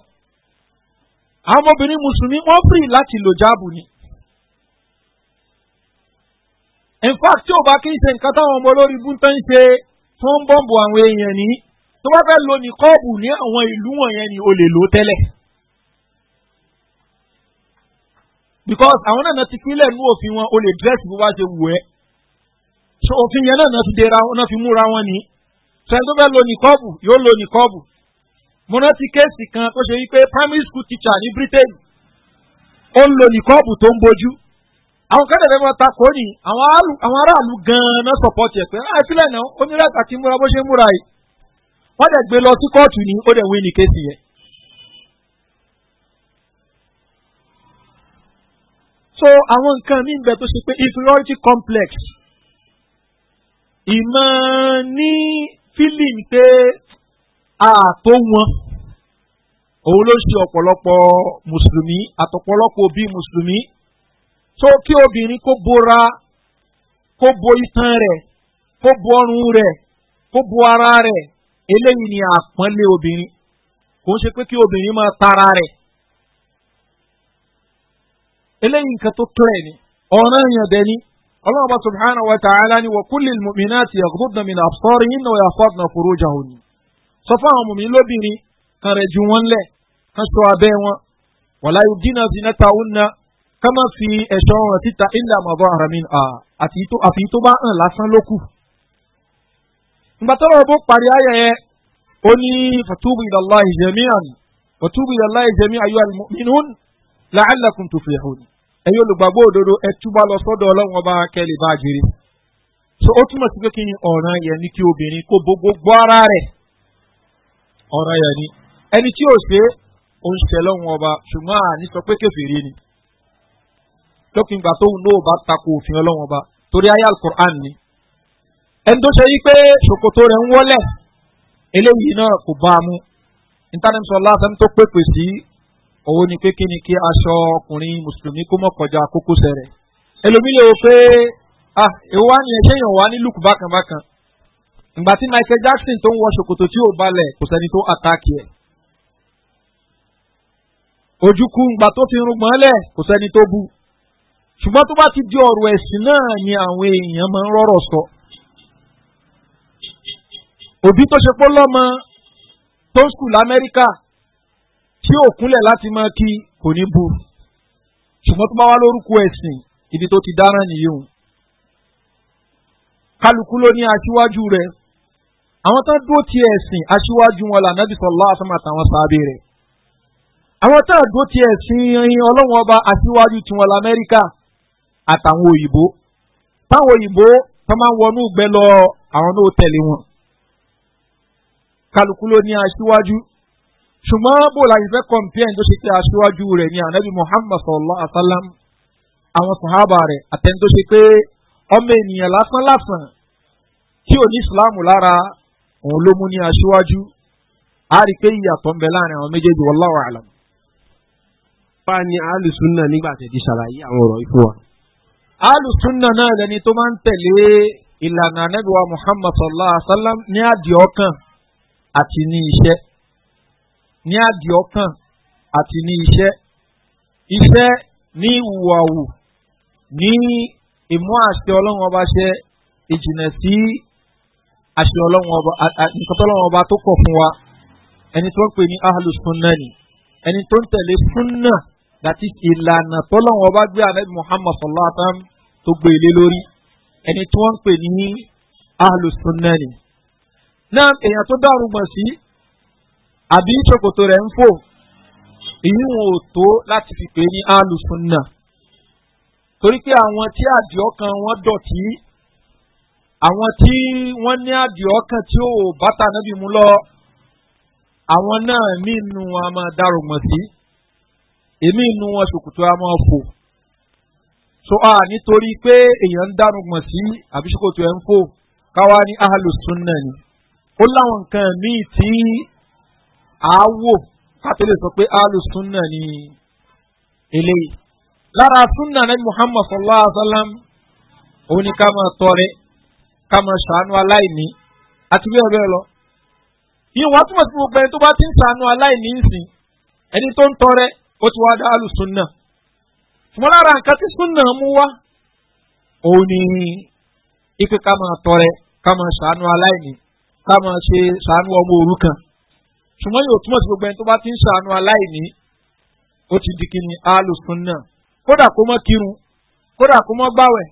àwọn ọmọbìnrin mùsùlùmí wọ́n fìrì láti lo jáàbù ni. in fact tí ò bá kí n ṣe nǹkan táwọn ọmọ olórí ibú tó ń ṣe tó ń bọ̀m̀bù àwọn èèyàn ní tó bá fẹ́ lo ní kọ́ọ̀bù ní àwọn ìlú wọ̀nyẹn ni o lè lò tẹ́lẹ̀. because àwọn náà ti fílẹ̀ nú òfin wọn o lè dírẹ́sì bó bá ṣe wù ẹ́ so òfin yẹn náà ti dera wọn náà fi múra wọn ni sẹ́ni tó fẹ́ lo nìkọ́ọ̀bù yóò lo nìkọ́ọ̀bù mo rántí kéèsì kan tó ṣe wípé primary school teacher ní britain ó ń lo nìkọ́ọ̀bù tó ń bójú àwọn kẹ́lẹ̀ fẹ́ mọ́ takò ní àwọn aráàlú gan-an náà sọ̀pọ̀tì ẹ̀ pé ah sílẹ̀ náà ó ní rẹ́ta kí múra bó ṣe múra yìí wọ́n dẹ̀ gbé lọ sí kóòtù ní ó dẹ̀ wí ní kéèsì yẹn. so àwọn nǹkan mí bẹ tó ṣe pé inferiority complex ìmọ̀ ní feeling pé ààtó wọn òun ló ṣe ọ̀pọ̀lọpọ̀ mùsùlùmí àtọ̀pọ̀lọpọ̀ òbí mùsùlùmí tó kí obìnrin kó bora kó bo itan rẹ̀ kó bo ọrùn rẹ̀ kó bo ara rẹ̀ eléyìí ni àpọ́nlé obìnrin kò ń ṣe pé kí obìnrin máa tara rẹ̀ eléyìí nǹkan tó tó ni ọ̀ràn yàn dẹ́ni ọlọ́run bá subhanahu wa ta'ala ni wa kulli mu'minati yaghdudna min absarihinna wa yahfazna furujahunna sọ fún àwọn mùmí lóbìnrin kan rẹ̀ ju wọn lẹ̀ kan sọ abẹ́ wọn wàlá yudina zinatahunna ká má fi ẹ̀ṣọ́ hàn síta illa ma zahara minha àfi tó bá hàn lásán lókù. ìgbà bó parí ayẹ ó ní fatubu ilallahi jami'an fatubu ilallahi jami'an ayyuhal mu'minun la'allakum tuflihun ẹ̀yin olùgbàgbọ́ òdodo ẹ túbọ̀ lọ sọ́dọ̀ ọlọ́run ọba kẹ́lẹ̀ bá jèrè so ó túmọ̀ sí pé kí ni ọ̀ràn yẹn ni kí obìnrin kó gbogbo gbọ́ ara rẹ̀ ọ̀ràn yẹn ni ẹni tí ò ṣe ó ń ṣe lọ́run ọba ṣùgbọ́n àní sọ pé kẹfìrí ni lópin ìgbà tóun náà bá takò òfin ọlọ́run ọba torí ayé alukur'an ni ẹni tó ṣe yí pé ṣòkòtò rẹ̀ ń wọlẹ̀ eléyìí náà kò bá a mú ìtànẹ́sọ̀ lásán tó pèpè sí òun ni pé kí ni kí aṣọ ọkùnrin mùsùlùmí kó mọ̀ kọjá kókósẹ̀ rẹ̀ ẹlòmí lè wo pé ah èwo ni ní ẹṣẹ́ yàn wá ní lùkù bákan bákan ìgbà tí michael jackson tó ń wọ ṣòkòtò tí ò balẹ̀ kò sẹ́ni tó àtàkì ẹ̀ ojúkú ìgbà tó fi rúgbọ́n lẹ̀ kò sẹ́ni tó bu ṣùgbọ́n tó bá ti di ọ̀rọ̀ ẹ̀sìn náà ni àwọn èèyàn máa ń rọ̀rọ̀ sọ òbí tó ṣe pọ́ lọ́mọ tó ń sùn lamẹ́ríkà tí ò kúnlẹ̀ láti máa kí kò ní bu ṣùgbọ́n tó bá wá lórúkọ ẹ̀sìn ibi tó ti dáná nìyí o kálukú ló ní aṣíwájú rẹ àwọn tán dúró ti ẹ̀sìn aṣíwájú wọn là nábì sọlá àtàwọn àtàwọn sábẹ́ rẹ̀ àwọn tán dúró ti ẹ̀sìn irin ọlọ́wọ́n ọba aṣíwájú tiwọn lamẹ́ríkà àtàwọn òyìnbó táwọn òyìnbó tó máa wọnú gbẹ lọ àwọn náà tẹ̀lé wọn kálukú ló ní aṣíwájú ṣùgbọ́n bó la yìí fẹ́ kọ̀m̀pẹ́ẹ̀n tó ṣe pé aṣíwájú rẹ̀ ní anabi muhammad sallallahu alaihi wa sallam àwọn sàhábà rẹ̀ àtẹ̀ntó ṣe pé ọmọ ènìyàn lásán lásán tí ò ní ìsìláàmù lára òun ló mú ní aṣíwájú a rí i pé ìyàtọ̀ ń bẹ láàrin àwọn méjèèjì wallahu alam. wá ní alùsùnà nígbà tẹ̀ ti ṣàlàyé àwọn ọ̀rọ̀ ìfún wa. alùsùnà náà lẹni tó máa ń tẹ̀lé ìlànà anábìwá muhammad sallallahu alaihi wa sallam ní àdìọ́kàn àti ní iṣẹ́ ní àdì ọkàn àti ní iṣẹ́ iṣẹ́ ní ìwàwù ní ìmú àṣẹ ọlọ́run ọba ṣe ìjìnà sí àṣẹ ọlọ́run ọba nǹkan tọ́lọ́run ọba tó kọ̀ fún wa ẹni tó ń pè ní ahlu sunna ni ẹni tó ń tẹ̀lé sunna dàtí ìlànà tọ́lọ́run ọba gbé anabi muhammad sallallahu alaihi wa sallam tó gbé ilé lórí ẹni tó ń pè ní ahlu sunna ni. náà èèyàn tó dàrú mọ̀ sí àbí ṣòkòtò rẹ̀ ń fò èyí wọn ò tó láti fi pè é ní alùsùnà torí pé àwọn tí àdìọ́kan wọn dọ̀tí àwọn tí wọ́n ní àdìọ́kan tí ò bàtà nábì mú lọ àwọn náà mí nu wọn a máa dárògbọ̀n sí èmi nu wọn ṣòkòtò a máa fò so a nítorí pé èèyàn ń dárògbọ̀n sí àbí ṣòkòtò ẹ̀ ń fò káwá ní alùsùnà ni ó láwọn nǹkan míì tí. àáwò kátólẹ̀ sọ pé alu ni eléyìí lára sunna nabi muhammad sallallahu alaihi wa sallam òun ni ká máa tọrẹ ká máa ṣàánú aláìní àti lọ ìyẹn wàá túmọ̀ sí gbogbo ẹni tó bá ti ń ṣàánú aláìní ìsìn ẹni tó ń tọrẹ ó ti wá dá alu ṣùgbọ́n lára nǹkan tí sunna mú wá òun ni ipe ká máa tọrẹ ká máa ṣàánú aláìní ká máa ṣe ṣùgbọ́n yóò túmọ̀ sí gbogbo ẹni tó bá ti ń ṣàánú aláìní ó ti di kí ni alùsùn náà kódà kó mọ́ kírun kódà kó mọ́ gbàwẹ̀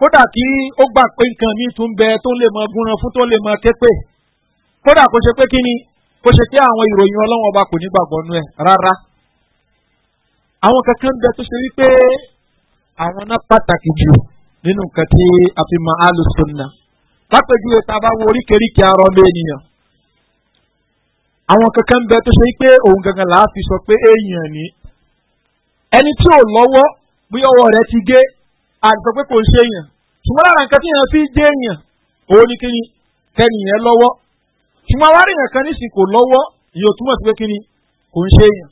kódà kí ó gbà pé nǹkan mi tún bẹ tó lè mọ gúnran fún tó lè mọ képe kódà kó ṣe pé kí ni kó ṣe pé àwọn ìròyìn ọlọ́wọ́n ọba kò ní gbàgbọ́ nú ẹ rárá àwọn kankan bẹ tó ṣe wípé àwọn náà pàtàkì jù nínú nǹkan tí a fi mọ alùsùn náà lápèjúwe àwọn kankan ń bẹ tó ṣe pé òun gangan là á fi sọ pé èèyàn ni ẹni tí ò lọ́wọ́ bí ọwọ́ rẹ ti gé àgbẹ̀ pé kò ṣe èèyàn ṣùgbọ́n lára nǹkan tí èèyàn fi jẹ́ èèyàn òun ni kíni kẹ́nìyàn lọ́wọ́ ṣùgbọ́n awárí èèyàn kan nísìnyí kò lọ́wọ́ ìyóò túmọ̀ sí pé kíni kò ń ṣe èèyàn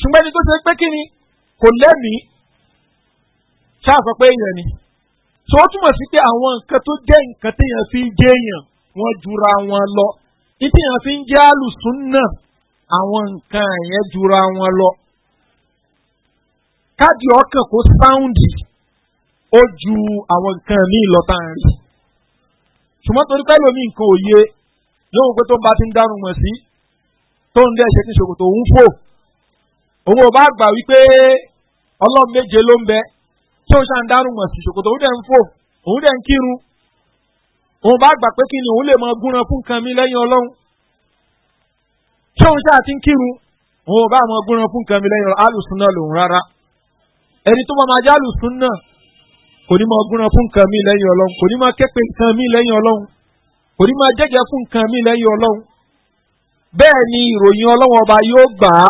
ṣùgbọ́n ẹni tó ṣe pé kíni kò lẹ́mìí ṣáà pé èèyàn ni tí ó túmọ̀ sí pé àwọn nǹkan tó jẹ́ nǹkan téèyàn fi jẹ́ èèyàn wọ́n jura wọn lọ ìtì yẹn fi ń jẹ́ àlùsùn náà àwọn nǹkan yẹn jura wọn lọ káàdì ọkàn kó sáúndì ó ju àwọn nǹkan míì lọ tá à ń rí ṣùgbọ́n torí pẹ́ lómi nǹkan òye yóò pé tó ń bá ti ń dárun mọ̀ sí tó ń dẹ́ ṣe ti ṣòkòtò ń fò òun ò bá gbà wípé ọlọ́run méje ló ń bẹ tó ń ṣàǹdárun mọ̀ sí ṣòkòtò òun dẹ̀ ń fò òun dẹ̀ ń kírun òun bá gbà pé kí ni òun lè mọ gúnran fún nǹkan mi lẹ́yìn ọlọ́run ṣé òun ṣáà ti ń kírun òun bá mọ gúnran fún nǹkan mi lẹ́yìn ọlọ́run alùsùn náà lòun rárá ẹni tó bá máa jẹ́ alùsùn náà kò ní mọ gúnran fún nǹkan mi lẹ́yìn ọlọ́run kò ní mọ képe nǹkan mi lẹ́yìn ọlọ́run kò ní mọ jẹ́jẹ́ fún nǹkan mi lẹ́yìn ọlọ́run bẹ́ẹ̀ ni ìròyìn ọlọ́wọ́ ọba yóò gbà á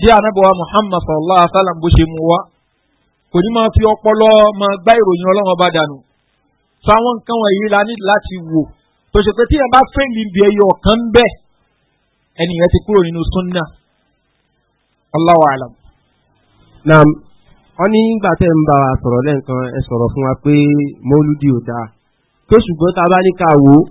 bí anábọ̀wá muhammad sallallahu alaihi wa sallam bó ṣe mú wa kò ní mọ fi ọpọlọ mọ gbá ìròyìn ọlọ́wọ́ ọba dànù sọ àwọn nǹkan wọ̀nyí la ní láti wò tó ṣe pé tí yẹn bá fẹ́ẹ̀lì bí ẹyọ ọ̀kan bẹ́ ẹni yẹn ti kúrò nínú súnà Allahu alam. naam wọ́n ní ìgbà tẹ́ ń bá wa sọ̀rọ̀ lẹ́ǹkan ẹ sọ̀rọ̀ fún wa pé mọ́lúdì ò dáa tó ṣùgbọ́n tá a bá ní ká wò ó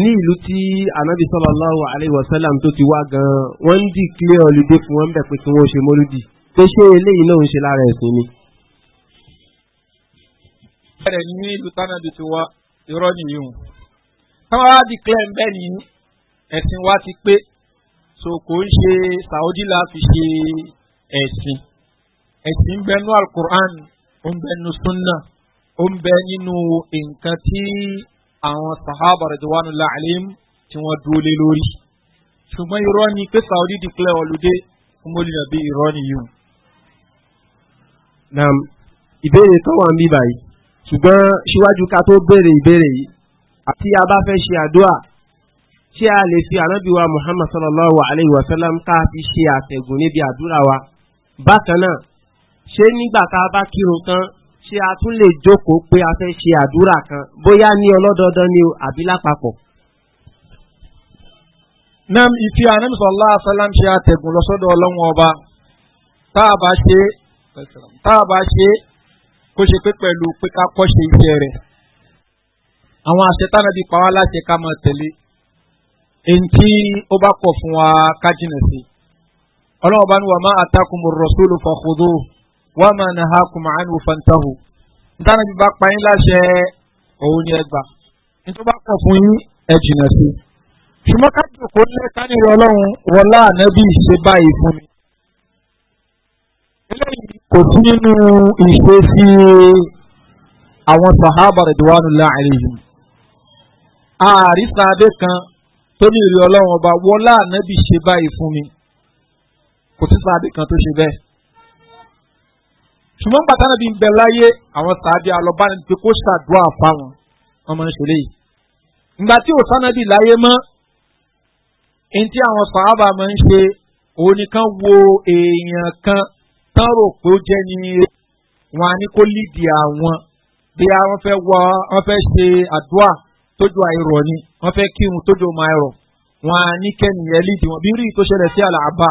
ní ìlú tí anabi sallallahu alayhi wa sallam tó ti wá gan-an ń dì clear holiday fún wọn bẹ̀ pé kí wọ́n ṣe mọ́lúdì tó ṣe eléyìí náà ń ṣe lára ẹ̀sìn ni rẹ̀ ní ìlú tánàbì ti wá irọ́ nìyí o táwọn wá di clem bẹ́ẹ̀ ni ẹ̀sìn wa ti pé so kò ń ṣe saudi la fi ṣe ẹ̀sìn ẹ̀sìn ń bẹ nú alukur'an ó ń bẹ nú ó ń bẹ nínú nǹkan tí àwọn sahaba rẹ̀dùwánu làálẹ́m tí wọ́n dúró lé lórí ṣùgbọ́n irọ́ ni pé saudi declare holiday fún mọ́lìnà bí irọ́ nìyí o. naam ìbéèrè tó wà ń bí báyìí ṣùgbọ́n síwájú ká tó béèrè ìbéèrè yìí àti a bá fẹ́ ṣe àdúrà ṣé a lè fi ànábì wa muhammad sallallahu alayhi wa sallam ká fi ṣe àtẹ̀gùn níbi àdúrà wa bákan náà ṣé nígbà tá a bá kírun tán ṣé a tún lè jókòó pé a fẹ́ ṣe àdúrà kan bóyá ní ọlọ́dọọdán ni o àbí lápapọ̀. nam ìfi ànábì sallallahu alayhi wa sallam ṣe àtẹ̀gùn lọ́sọ́dọ̀ ọlọ́run ọba tá a bá ṣe tá a bá ṣe kó ṣe pé pẹ̀lú pé ká kọ́ṣe iṣẹ́ rẹ̀ àwọn àṣẹ tánàbí pa wá láṣẹ ká máa tẹ̀lé èyí tí ó bá pọ̀ fún wa ká jìnà sí i ọlọ́run bá ní wàá máa àtàkùn rọ̀ṣúlù fọ̀kúdó wàá máa nà ha kùmà á ní òfàǹtàhù ntánàbí bá pa yín láṣẹ òun ni ẹ gbà nítorí bá pọ̀ fún yín ẹ jìnà sí i ṣùgbọ́n ká jòkó lẹ́ka ní ìrọ̀lọ́run wọlá ànábì ṣe báyìí fún mi kò sí nínú ìṣesí àwọn sahaba radwanullahi alayhim ààrí sáadé kan tó ní ìrì ọlọ́run ọba wọlá ànábì ṣe báyìí fún mi kò sí sáadé kan tó ṣe bẹ́ẹ̀ ṣùgbọ́n bàtà náà bí ń bẹ láyé àwọn sáadé alọ́báni pé kó ṣàdúrà fáwọn ọmọ ìṣẹ̀lẹ̀ yìí ìgbà tí òsánà bí láyé mọ́ ẹni tí àwọn sahaba máa ń ṣe òun nìkan wo èèyàn kan tán rò pé ó jẹ́ ní wọn á ní kó lídìí àwọn bí wọ́n fẹ́ wọ wọ́n fẹ́ ṣe àdúrà tójú àìrọ̀ ni wọ́n fẹ́ kírun tójú ọmọ àìrọ̀ wọn á ní kẹ́nìyẹn lídìí wọn bí rí tó ṣẹlẹ̀ sí àlàbà.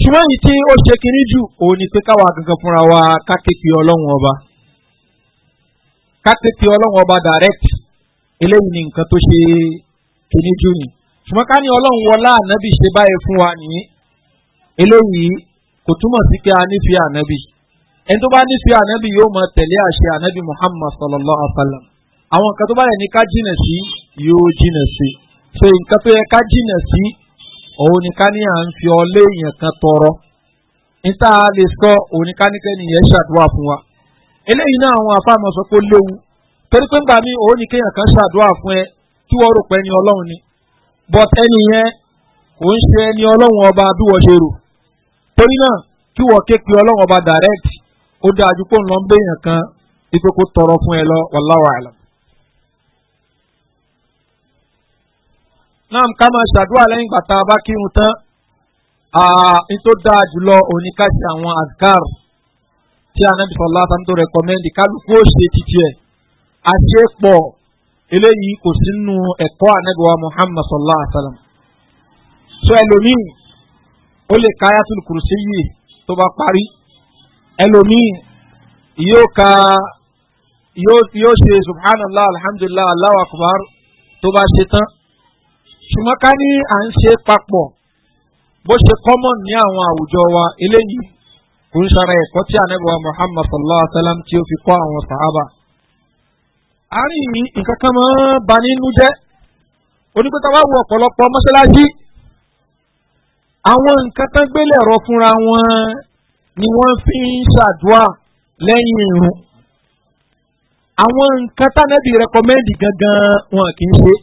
ṣùgbọ́n èyí tí ó ṣe kiri jù òun ni pé káwa gangan fúnra wa ká kékeré ọlọ́run ọba ká kékeré ọlọ́run ọba direct eléyìí ni nǹkan tó ṣe kiri jù ni ṣùgbọ́n ká ní ọlọ́run wọlá ànábì ṣe báyìí fún wa nìyí eléyìí kò túmọ̀ sí pé a nífẹ̀ẹ́ ànábì ẹni tó bá nífẹ̀ẹ́ ànábì yóò máa tẹ̀lé àṣẹ ànábì muhammad sallallahu alaihi wa sallam àwọn nǹkan tó bá yẹ ní ká jìnà sí yóò jìnà sí so nǹkan tó yẹ ká jìnà sí òun ni ká ní à ń fi ọlé èèyàn kan tọrọ níta lè sọ òun ni ká ní kẹ́ni yẹn ṣàdúrà fún wa eléyìí náà àwọn afáàmọ̀ sọ pé léwu torí pé ńgbà mí òun ni kéèyàn kan ṣàdúrà fún ẹ tí wọ́n rò pé ẹni ọlọ́run ni but ẹni yẹn kò ń ṣe ẹni ọlọ́run ọba bí rò torí náà kí wọ́n ké ọlọ́run ọba direct ó dáa ju kó ń lọ ń béèyàn kan ipò kó tọrọ fún ẹ lọ wallahu alam. náà ká máa ṣàdúrà lẹ́yìn gbàtà bá kírun tán nítò dáa jùlọ òní ká ṣe àwọn azkar tí anabi sọlá tó rẹkọmẹ́ndì kálukú ó ṣe títí ẹ̀ àṣepọ̀ eléyìí kò sínú ẹ̀kọ́ anabi wa muhammad sọlá àṣàlám. sọ ẹlòmíì ó lè ka ayatul kùrùsí yìí tó bá parí ẹlòmíì yóò ka yóò ṣe subhanallah alhamdulillah allahu akbar tó bá ṣe tán ṣùgbọ́n ká ní à ń ṣe papọ̀ bó ṣe common ní àwọn àwùjọ wa eléyìí kò ń ṣara ẹ̀kọ́ tí anábọ̀ muhammad sallallahu alaihi wa sallam tí ó fi kọ́ àwọn sàábà. àárín yìí nǹkan kan máa ń ba nínú jẹ́ onígbẹ́ta wá wo ọ̀pọ̀lọpọ̀ mọ́ṣáláṣí àwọn nǹkan tán gbélé ẹ̀rọ fúnra wọn ni wọ́n fi ń ṣàdúrà lẹ́yìn irun àwọn nǹkan tánẹ́bì rẹkọmẹ́ndì gangan wọn kì í ṣe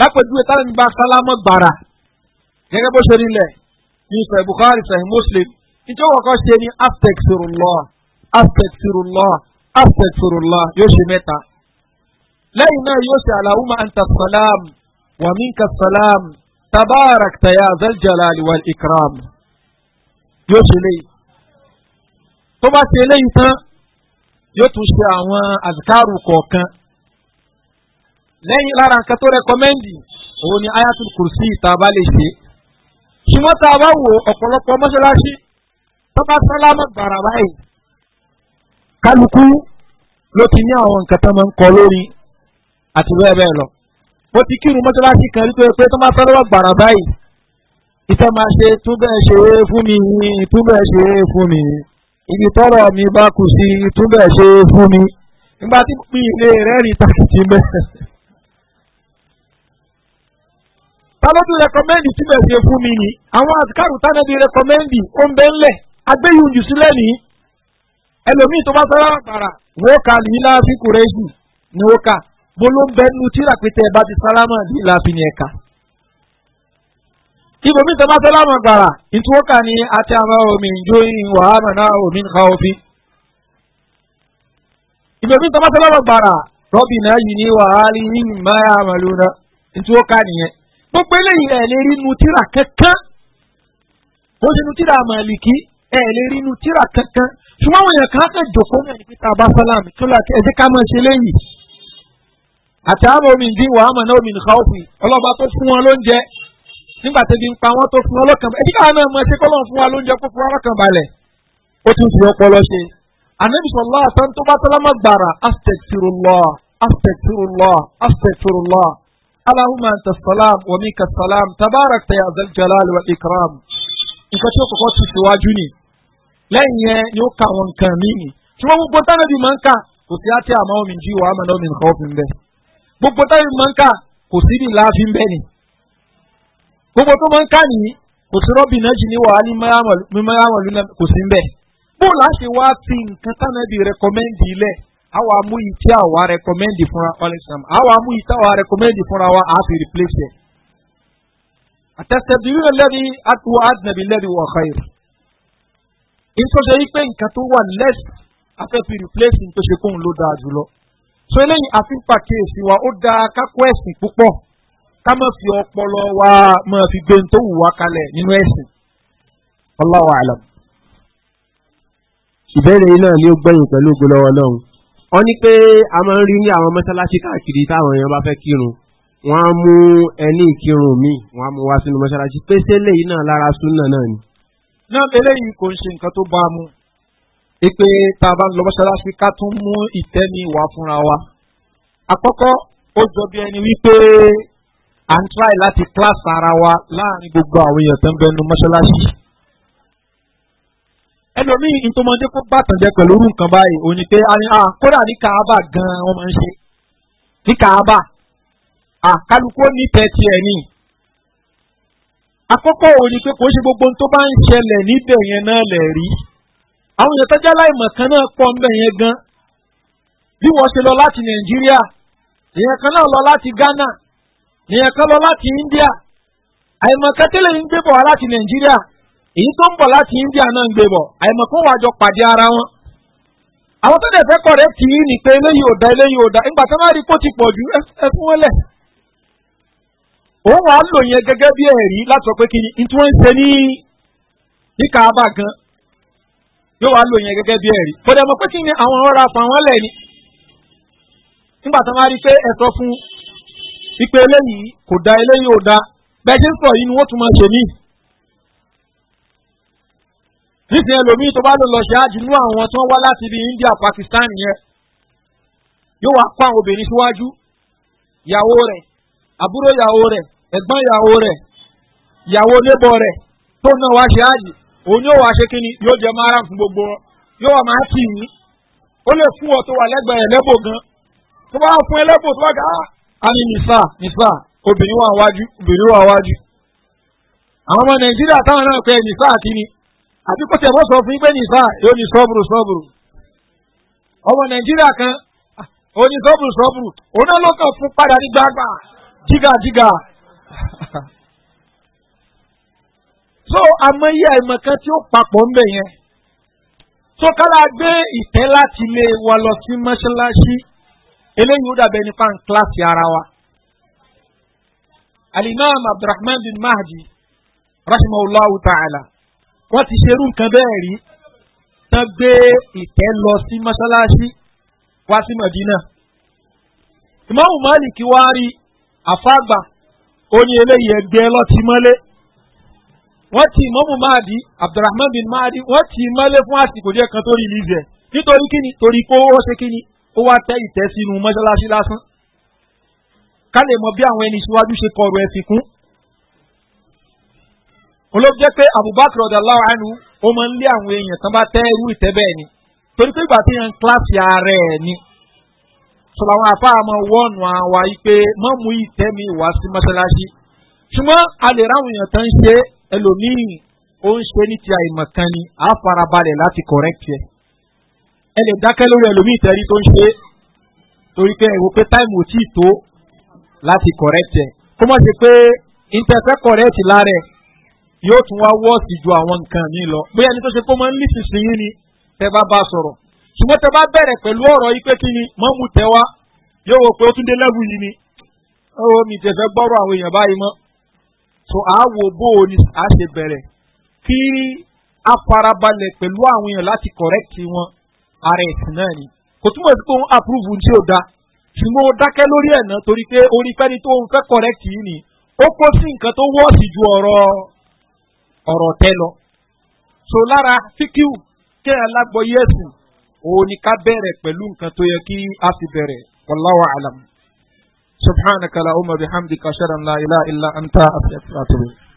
lápẹjúwe tánẹ́bì bá sálámọ̀ gbàrà gẹ́gẹ́ bó ṣe nílẹ̀ ní sahih bukhari sahih muslim ìjọba ọkọ ṣe ní astaghfirullah astaghfirullah astaghfirullah yóò ṣe mẹ́ta lẹ́yìn náà yóò ṣe allahumma anta salam wa minka salam tabarakta ya zal jalali wal ikram yóò ṣe léyìí tó bá ṣe léyìí tán yóò tún ṣe àwọn azikaru kọ̀ọ̀kan lẹ́yìn lára nǹkan tó rẹ́kọ́mẹ́ndì òun ni ayatul kursi ìta bá lè ṣe ṣùgbọ́n tá a bá wo ọ̀pọ̀lọpọ̀ mọ́ṣáláṣí tó bá sálámà gbàrà báyìí kálukú ló ti ní àwọn nǹkan tó máa ń kọ lórí àti bẹ́ẹ̀ bẹ́ẹ̀ lọ mo ti kírun mọ́ṣáláṣí kan rí pé tó máa fẹ́rẹ́ gbàrà báyìí ìfẹ́ máa ṣe tún bẹ́ẹ̀ ṣe é fún mi tún bẹ́ẹ̀ ṣe é fún mi ibi tọ́rọ̀ mi bá kù sí tún bẹ́ẹ̀ ṣe é fún mi nígbà tí mi ilé rẹ̀ rí tàkìtì bẹ́ẹ̀. ta rẹkọmẹ́ndì tún bẹ́ẹ̀ ṣe fún mi ni àwọn àtikárù tánẹ́bí rẹkọmẹ́ndì ó ń bẹ́ ńlẹ̀ agbẹ́yìn jù sílẹ̀ ní ẹlòmíì tó bá sọ́ra àpàrà wọ́ọ̀ka nìyí lásìkò rẹ̀ jù ní ó bolóńbẹ́nu tíra pété ẹ bá ti sálámà líla fìní ẹ̀ka. ibo mi tẹ́lá sálámà gbàrà ìtúwọ́kà ni àti àwọn omi ìjóyìn wàhálà náà omi nǹkan òfin. ibo mi tẹ́lá sálámà gbàrà rọ́bì náà yìí ní wàhálì yìí máa àmàlú náà ìtúwọ́kà nìyẹn. gbogbo eléyìí ẹ̀ lè rí nu tíra kankan bó ṣe nu tíra àmàlìkí ẹ̀ lè rí nu tíra kankan ṣùgbọ́n àwọn èèyàn kan á fẹ́ àtàwọn omi ìdí wàá mọ̀ náà omi nìkan òfin ọlọ́ba tó fún wọn lóúnjẹ nígbà tó di ń pa wọn tó fún wọn lọ́kàn balẹ̀ ẹ̀dí káwọn náà mọ̀ ṣe kọ́ lọ́n fún wa lóúnjẹ kó fún wọn lọ́kàn balẹ̀ ó ti ń fi ọpọlọ ṣe. ànábì sọlá àtàn tó bá sálámà gbàrà astagfirullah lẹ́yìn yẹn ni ó ka àwọn nǹkan mí ṣùgbọ́n gbogbo tánàbì máa ń kà kò sí àti àmọ́ omi jí wàá náà omi nǹkan ọ̀fìn bẹ́ẹ̀ gbogbo táyì máa ń kà kò síbi láàfin bẹ́ẹ̀ ni gbogbo tó máa ń kà nìyí kò sí rọ́bì náà jì ní wàhálì mímọ́yàmọ̀ lónà kò sí ń bẹ̀. bó láti wá ti nǹkan tánàbí rẹkọmẹ́ndì ilẹ̀ àwọn amúyí tí àwa rẹkọmẹ́ndì fúnra ọlẹ́sàn àwọn amúyí tí àwa rẹkọmẹ́ndì fúnra wa á fi replace ẹ̀. àtẹ̀sẹ̀bìrì lẹ́bi àtúwọ̀ àdìnàbí lẹ́bi wọ̀ ọ̀kọ́ yìí. nítorí pé nǹkan tó wà less afẹ́ replace nítorí pé òun ló dáa jùlọ so eléyìí àfi ń pàkíyèsí wa ó dáa kákó ẹ̀sìn púpọ̀ ká má fi ọpọlọ wa máa fi gbé tó wù wá kalẹ̀ nínú ẹ̀sìn ọláwà àlàm. ìbéèrè yìí náà ni ó gbẹ̀yìn pẹ̀lú ògbólọ́wọ́ náà wọ́n ní pé a máa ń rí ní àwọn mọ́ṣáláṣí káàkiri táwọn èèyàn bá fẹ́ kírun wọ́n á mú ẹni ìkírun mi wọ́n á mú wá sínú mọ́ṣáláṣí pé sẹ́lẹ̀ yìí náà lára súnà náà ni. náà eléyìí kò ń ṣe nǹkan tó bá a mú ipe tá a bá ń lọ mọ́ṣáláṣí ká tún mú ìtẹ́ni wá fúnra wa. àkọ́kọ́ ó jọ bí ẹni wípé à ń tíráì láti kíláàsì ara wa láàrin gbogbo àwọn èèyàn tó ń bẹnu mọ́ṣáláṣí. ẹlòmíì ìtòmọdé kó bàtàn jẹ pẹ̀lú orú nǹkan báyìí òní pé ah, ah, kódà ní kàábà gan-an wọ́n máa ń ṣe ní kàábà àkálukú ní tẹ̀tì ẹ̀ ní. àkọ́kọ́ òní pé kò ń ṣe gbogbo ohun tó bá ń ṣẹlẹ̀ níbẹ̀ yẹn náà lẹ̀ rí. àwọn èèyàn tọ́jà láìmọ̀ kan náà pọ̀ ńbẹ̀ yẹn gan bí wọ́n ṣe lọ láti nàìjíríà èèyàn kan náà lọ láti ghana èèyàn kan lọ láti india àìmọ̀ kan tẹ́lẹ̀ ń gbé bọ̀ wá láti nàìjíríà èyí tó ń bọ̀ láti india náà ń gbé bọ̀ àìmọ̀ kan wàá jọ pàdé ara wọn. àwọn tó dẹ̀ fẹ́ kọ̀ rẹ̀ tì í ní pé eléyìí ò da eléyìí ò da nígbà tó máa rí kó ti pọ̀ ju ẹ fún wọn lẹ̀. òun wàá lò yẹn gẹ́gẹ́ bí ẹ̀rí láti sọ pé kí ni tí ń ṣe ní ní kaaba gan-an yóò wá lò yẹn gẹ́gẹ́ bí ẹ̀rí. kò mọ̀ pé kí ni àwọn ọ̀rọ̀ àpò àwọn lẹ̀ ni. nígbà tó máa rí pé ẹ̀tọ́ fún ipe eléyìí kò da eléyìí ò da bẹ́ẹ̀ ṣe ń sọ yìí ni wọ́n tún máa ṣe mí. nísìnyẹn ẹlòmíì tó bá lò lọ ṣe ájì àwọn tó ń wá láti ibi india pakistan yẹn yóò wá kó àwọn obìnrin síwájú ìyàwó rẹ̀ àbúrò ìyàwó rẹ̀ ẹ̀gbọ́n ìyàwó rẹ̀ ìyàwó onye yóò wá ṣe kini ni yóò jẹ mara fún gbogbo ọ yóò wá máa tì yín ó lè fún ọ tó wà lẹ́gbẹ̀ẹ́ ẹlẹ́bò gan tó bá fún ẹlẹ́bò tó bá gà á ah! ní nìsà nìsà obìnrin wà wájú obìnrin wà wájú. àwọn ọmọ nàìjíríà táwọn náà pẹ nìsà kini ni àti kó tẹ̀ bọ́ sọ fún ọmọ nàìjíríà kan ah, ó ní sọ́bùrù sọ́bùrù òun náà so àmọye àìmọ̀kan tí ó papọ̀ ń bẹ̀ yẹn tó kára gbé ìtẹ́ láti lé wa lọ sí mọ́ṣáláṣí eléyìí ó dàbẹ̀ nípa ń kíláàsì ara wa. alimam abdulrahman bin mahdi rahimahullah ta'ala wọ́n ti ṣerú nǹkan bẹ́ẹ̀ rí tán gbé ìtẹ́ lọ sí mọ́ṣáláṣí wá sí mọ̀dínà. ìmọ̀ọ́mù malik wá rí àfáàgbà ó ní eléyìí ẹgbẹ́ lọ́tí mọ́lé wọ́n ti ìmọ̀mù máàdì abdulrahman bin máàdì wọ́n ti ìmọ̀lẹ́ fún àsìkò díẹ̀ kan tó rí ilé rẹ̀ nítorí kíni torí kó ó ṣe kíni ó wá tẹ ìtẹ́ sínú mọ́ṣáláṣí lásán ká lè mọ bí àwọn ẹni síwájú ṣe kọrọ ẹ̀sìn kún. olóògbé jẹ́ pé abubakar ọ̀dà láwánu ó máa ń lé àwọn èèyàn tán bá tẹ́ irú ìtẹ́ bẹ́ẹ̀ ni torí pé ìgbà tí yẹn ń kíláàsì ààrẹ ẹ̀ ni sọ̀rọ̀ àwọn àfáàmọ́ wọ́ọ̀nù àwa yìí pé mọ́mú ìtẹ́ mi wá sí mọ́ṣáláṣí ṣùgbọ́n a lè ráwọn èèyàn tán ṣe ẹlòmíì ó ń ṣe ní ti àìmọ̀kan ni á farabalẹ̀ láti correct yẹ ẹ lè dákẹ́ lórí ẹlòmíì tẹ́rí tó ń ṣe torí pé ẹ̀wò pé táìmù ò tíì tó láti correct yẹ kó mọ̀ sí pé interfere correct lára ẹ̀ yóò tún wá wọ́ọ̀sì ju àwọn nǹkan mi lọ bóyá ẹni tó ṣe pé ó máa ń lì sísìn yín ni tẹ bá bá sọ̀rọ̀ ṣùgbọ́n tẹ bá bẹ̀rẹ̀ pẹ̀lú ọ̀rọ̀ yìí pé kí ni mọ́ mu tẹ wá yóò wọ pé ó tún dé lẹ́rù yìí ni ó mi tẹ̀fẹ́ gbọ́rọ̀ àwọn èèyàn báyìí mọ́ so a bó o ní a ṣe bẹ̀rẹ̀ kí a farabalẹ̀ pẹ̀lú àwọn èèyàn láti kọ̀rẹ́kì wọn ara ẹ̀sìn náà ni kò túmọ̀ sí pé òun àpúrúfù tí ò da ṣùgbọ́n ó dákẹ́ lórí ẹ̀ náà torí pé orí fẹ́ni tó ń fẹ́ kọ̀rẹ́kì yìí ni ó kó sí nǹkan tó wọ́ọ̀sì ju ọ̀rọ̀ ọ̀rọ̀ tẹ lọ so lára fíkíù kí ẹ lágbọ́ yẹ́sùn òun ni ká bẹ̀rẹ̀ pẹ̀lú nǹkan tó yẹ kí a fi bẹ̀rẹ̀ wàláwà àlàmù. سبحانك اللهم بحمدك أشهد أن لا إله إلا أنت أستغفرك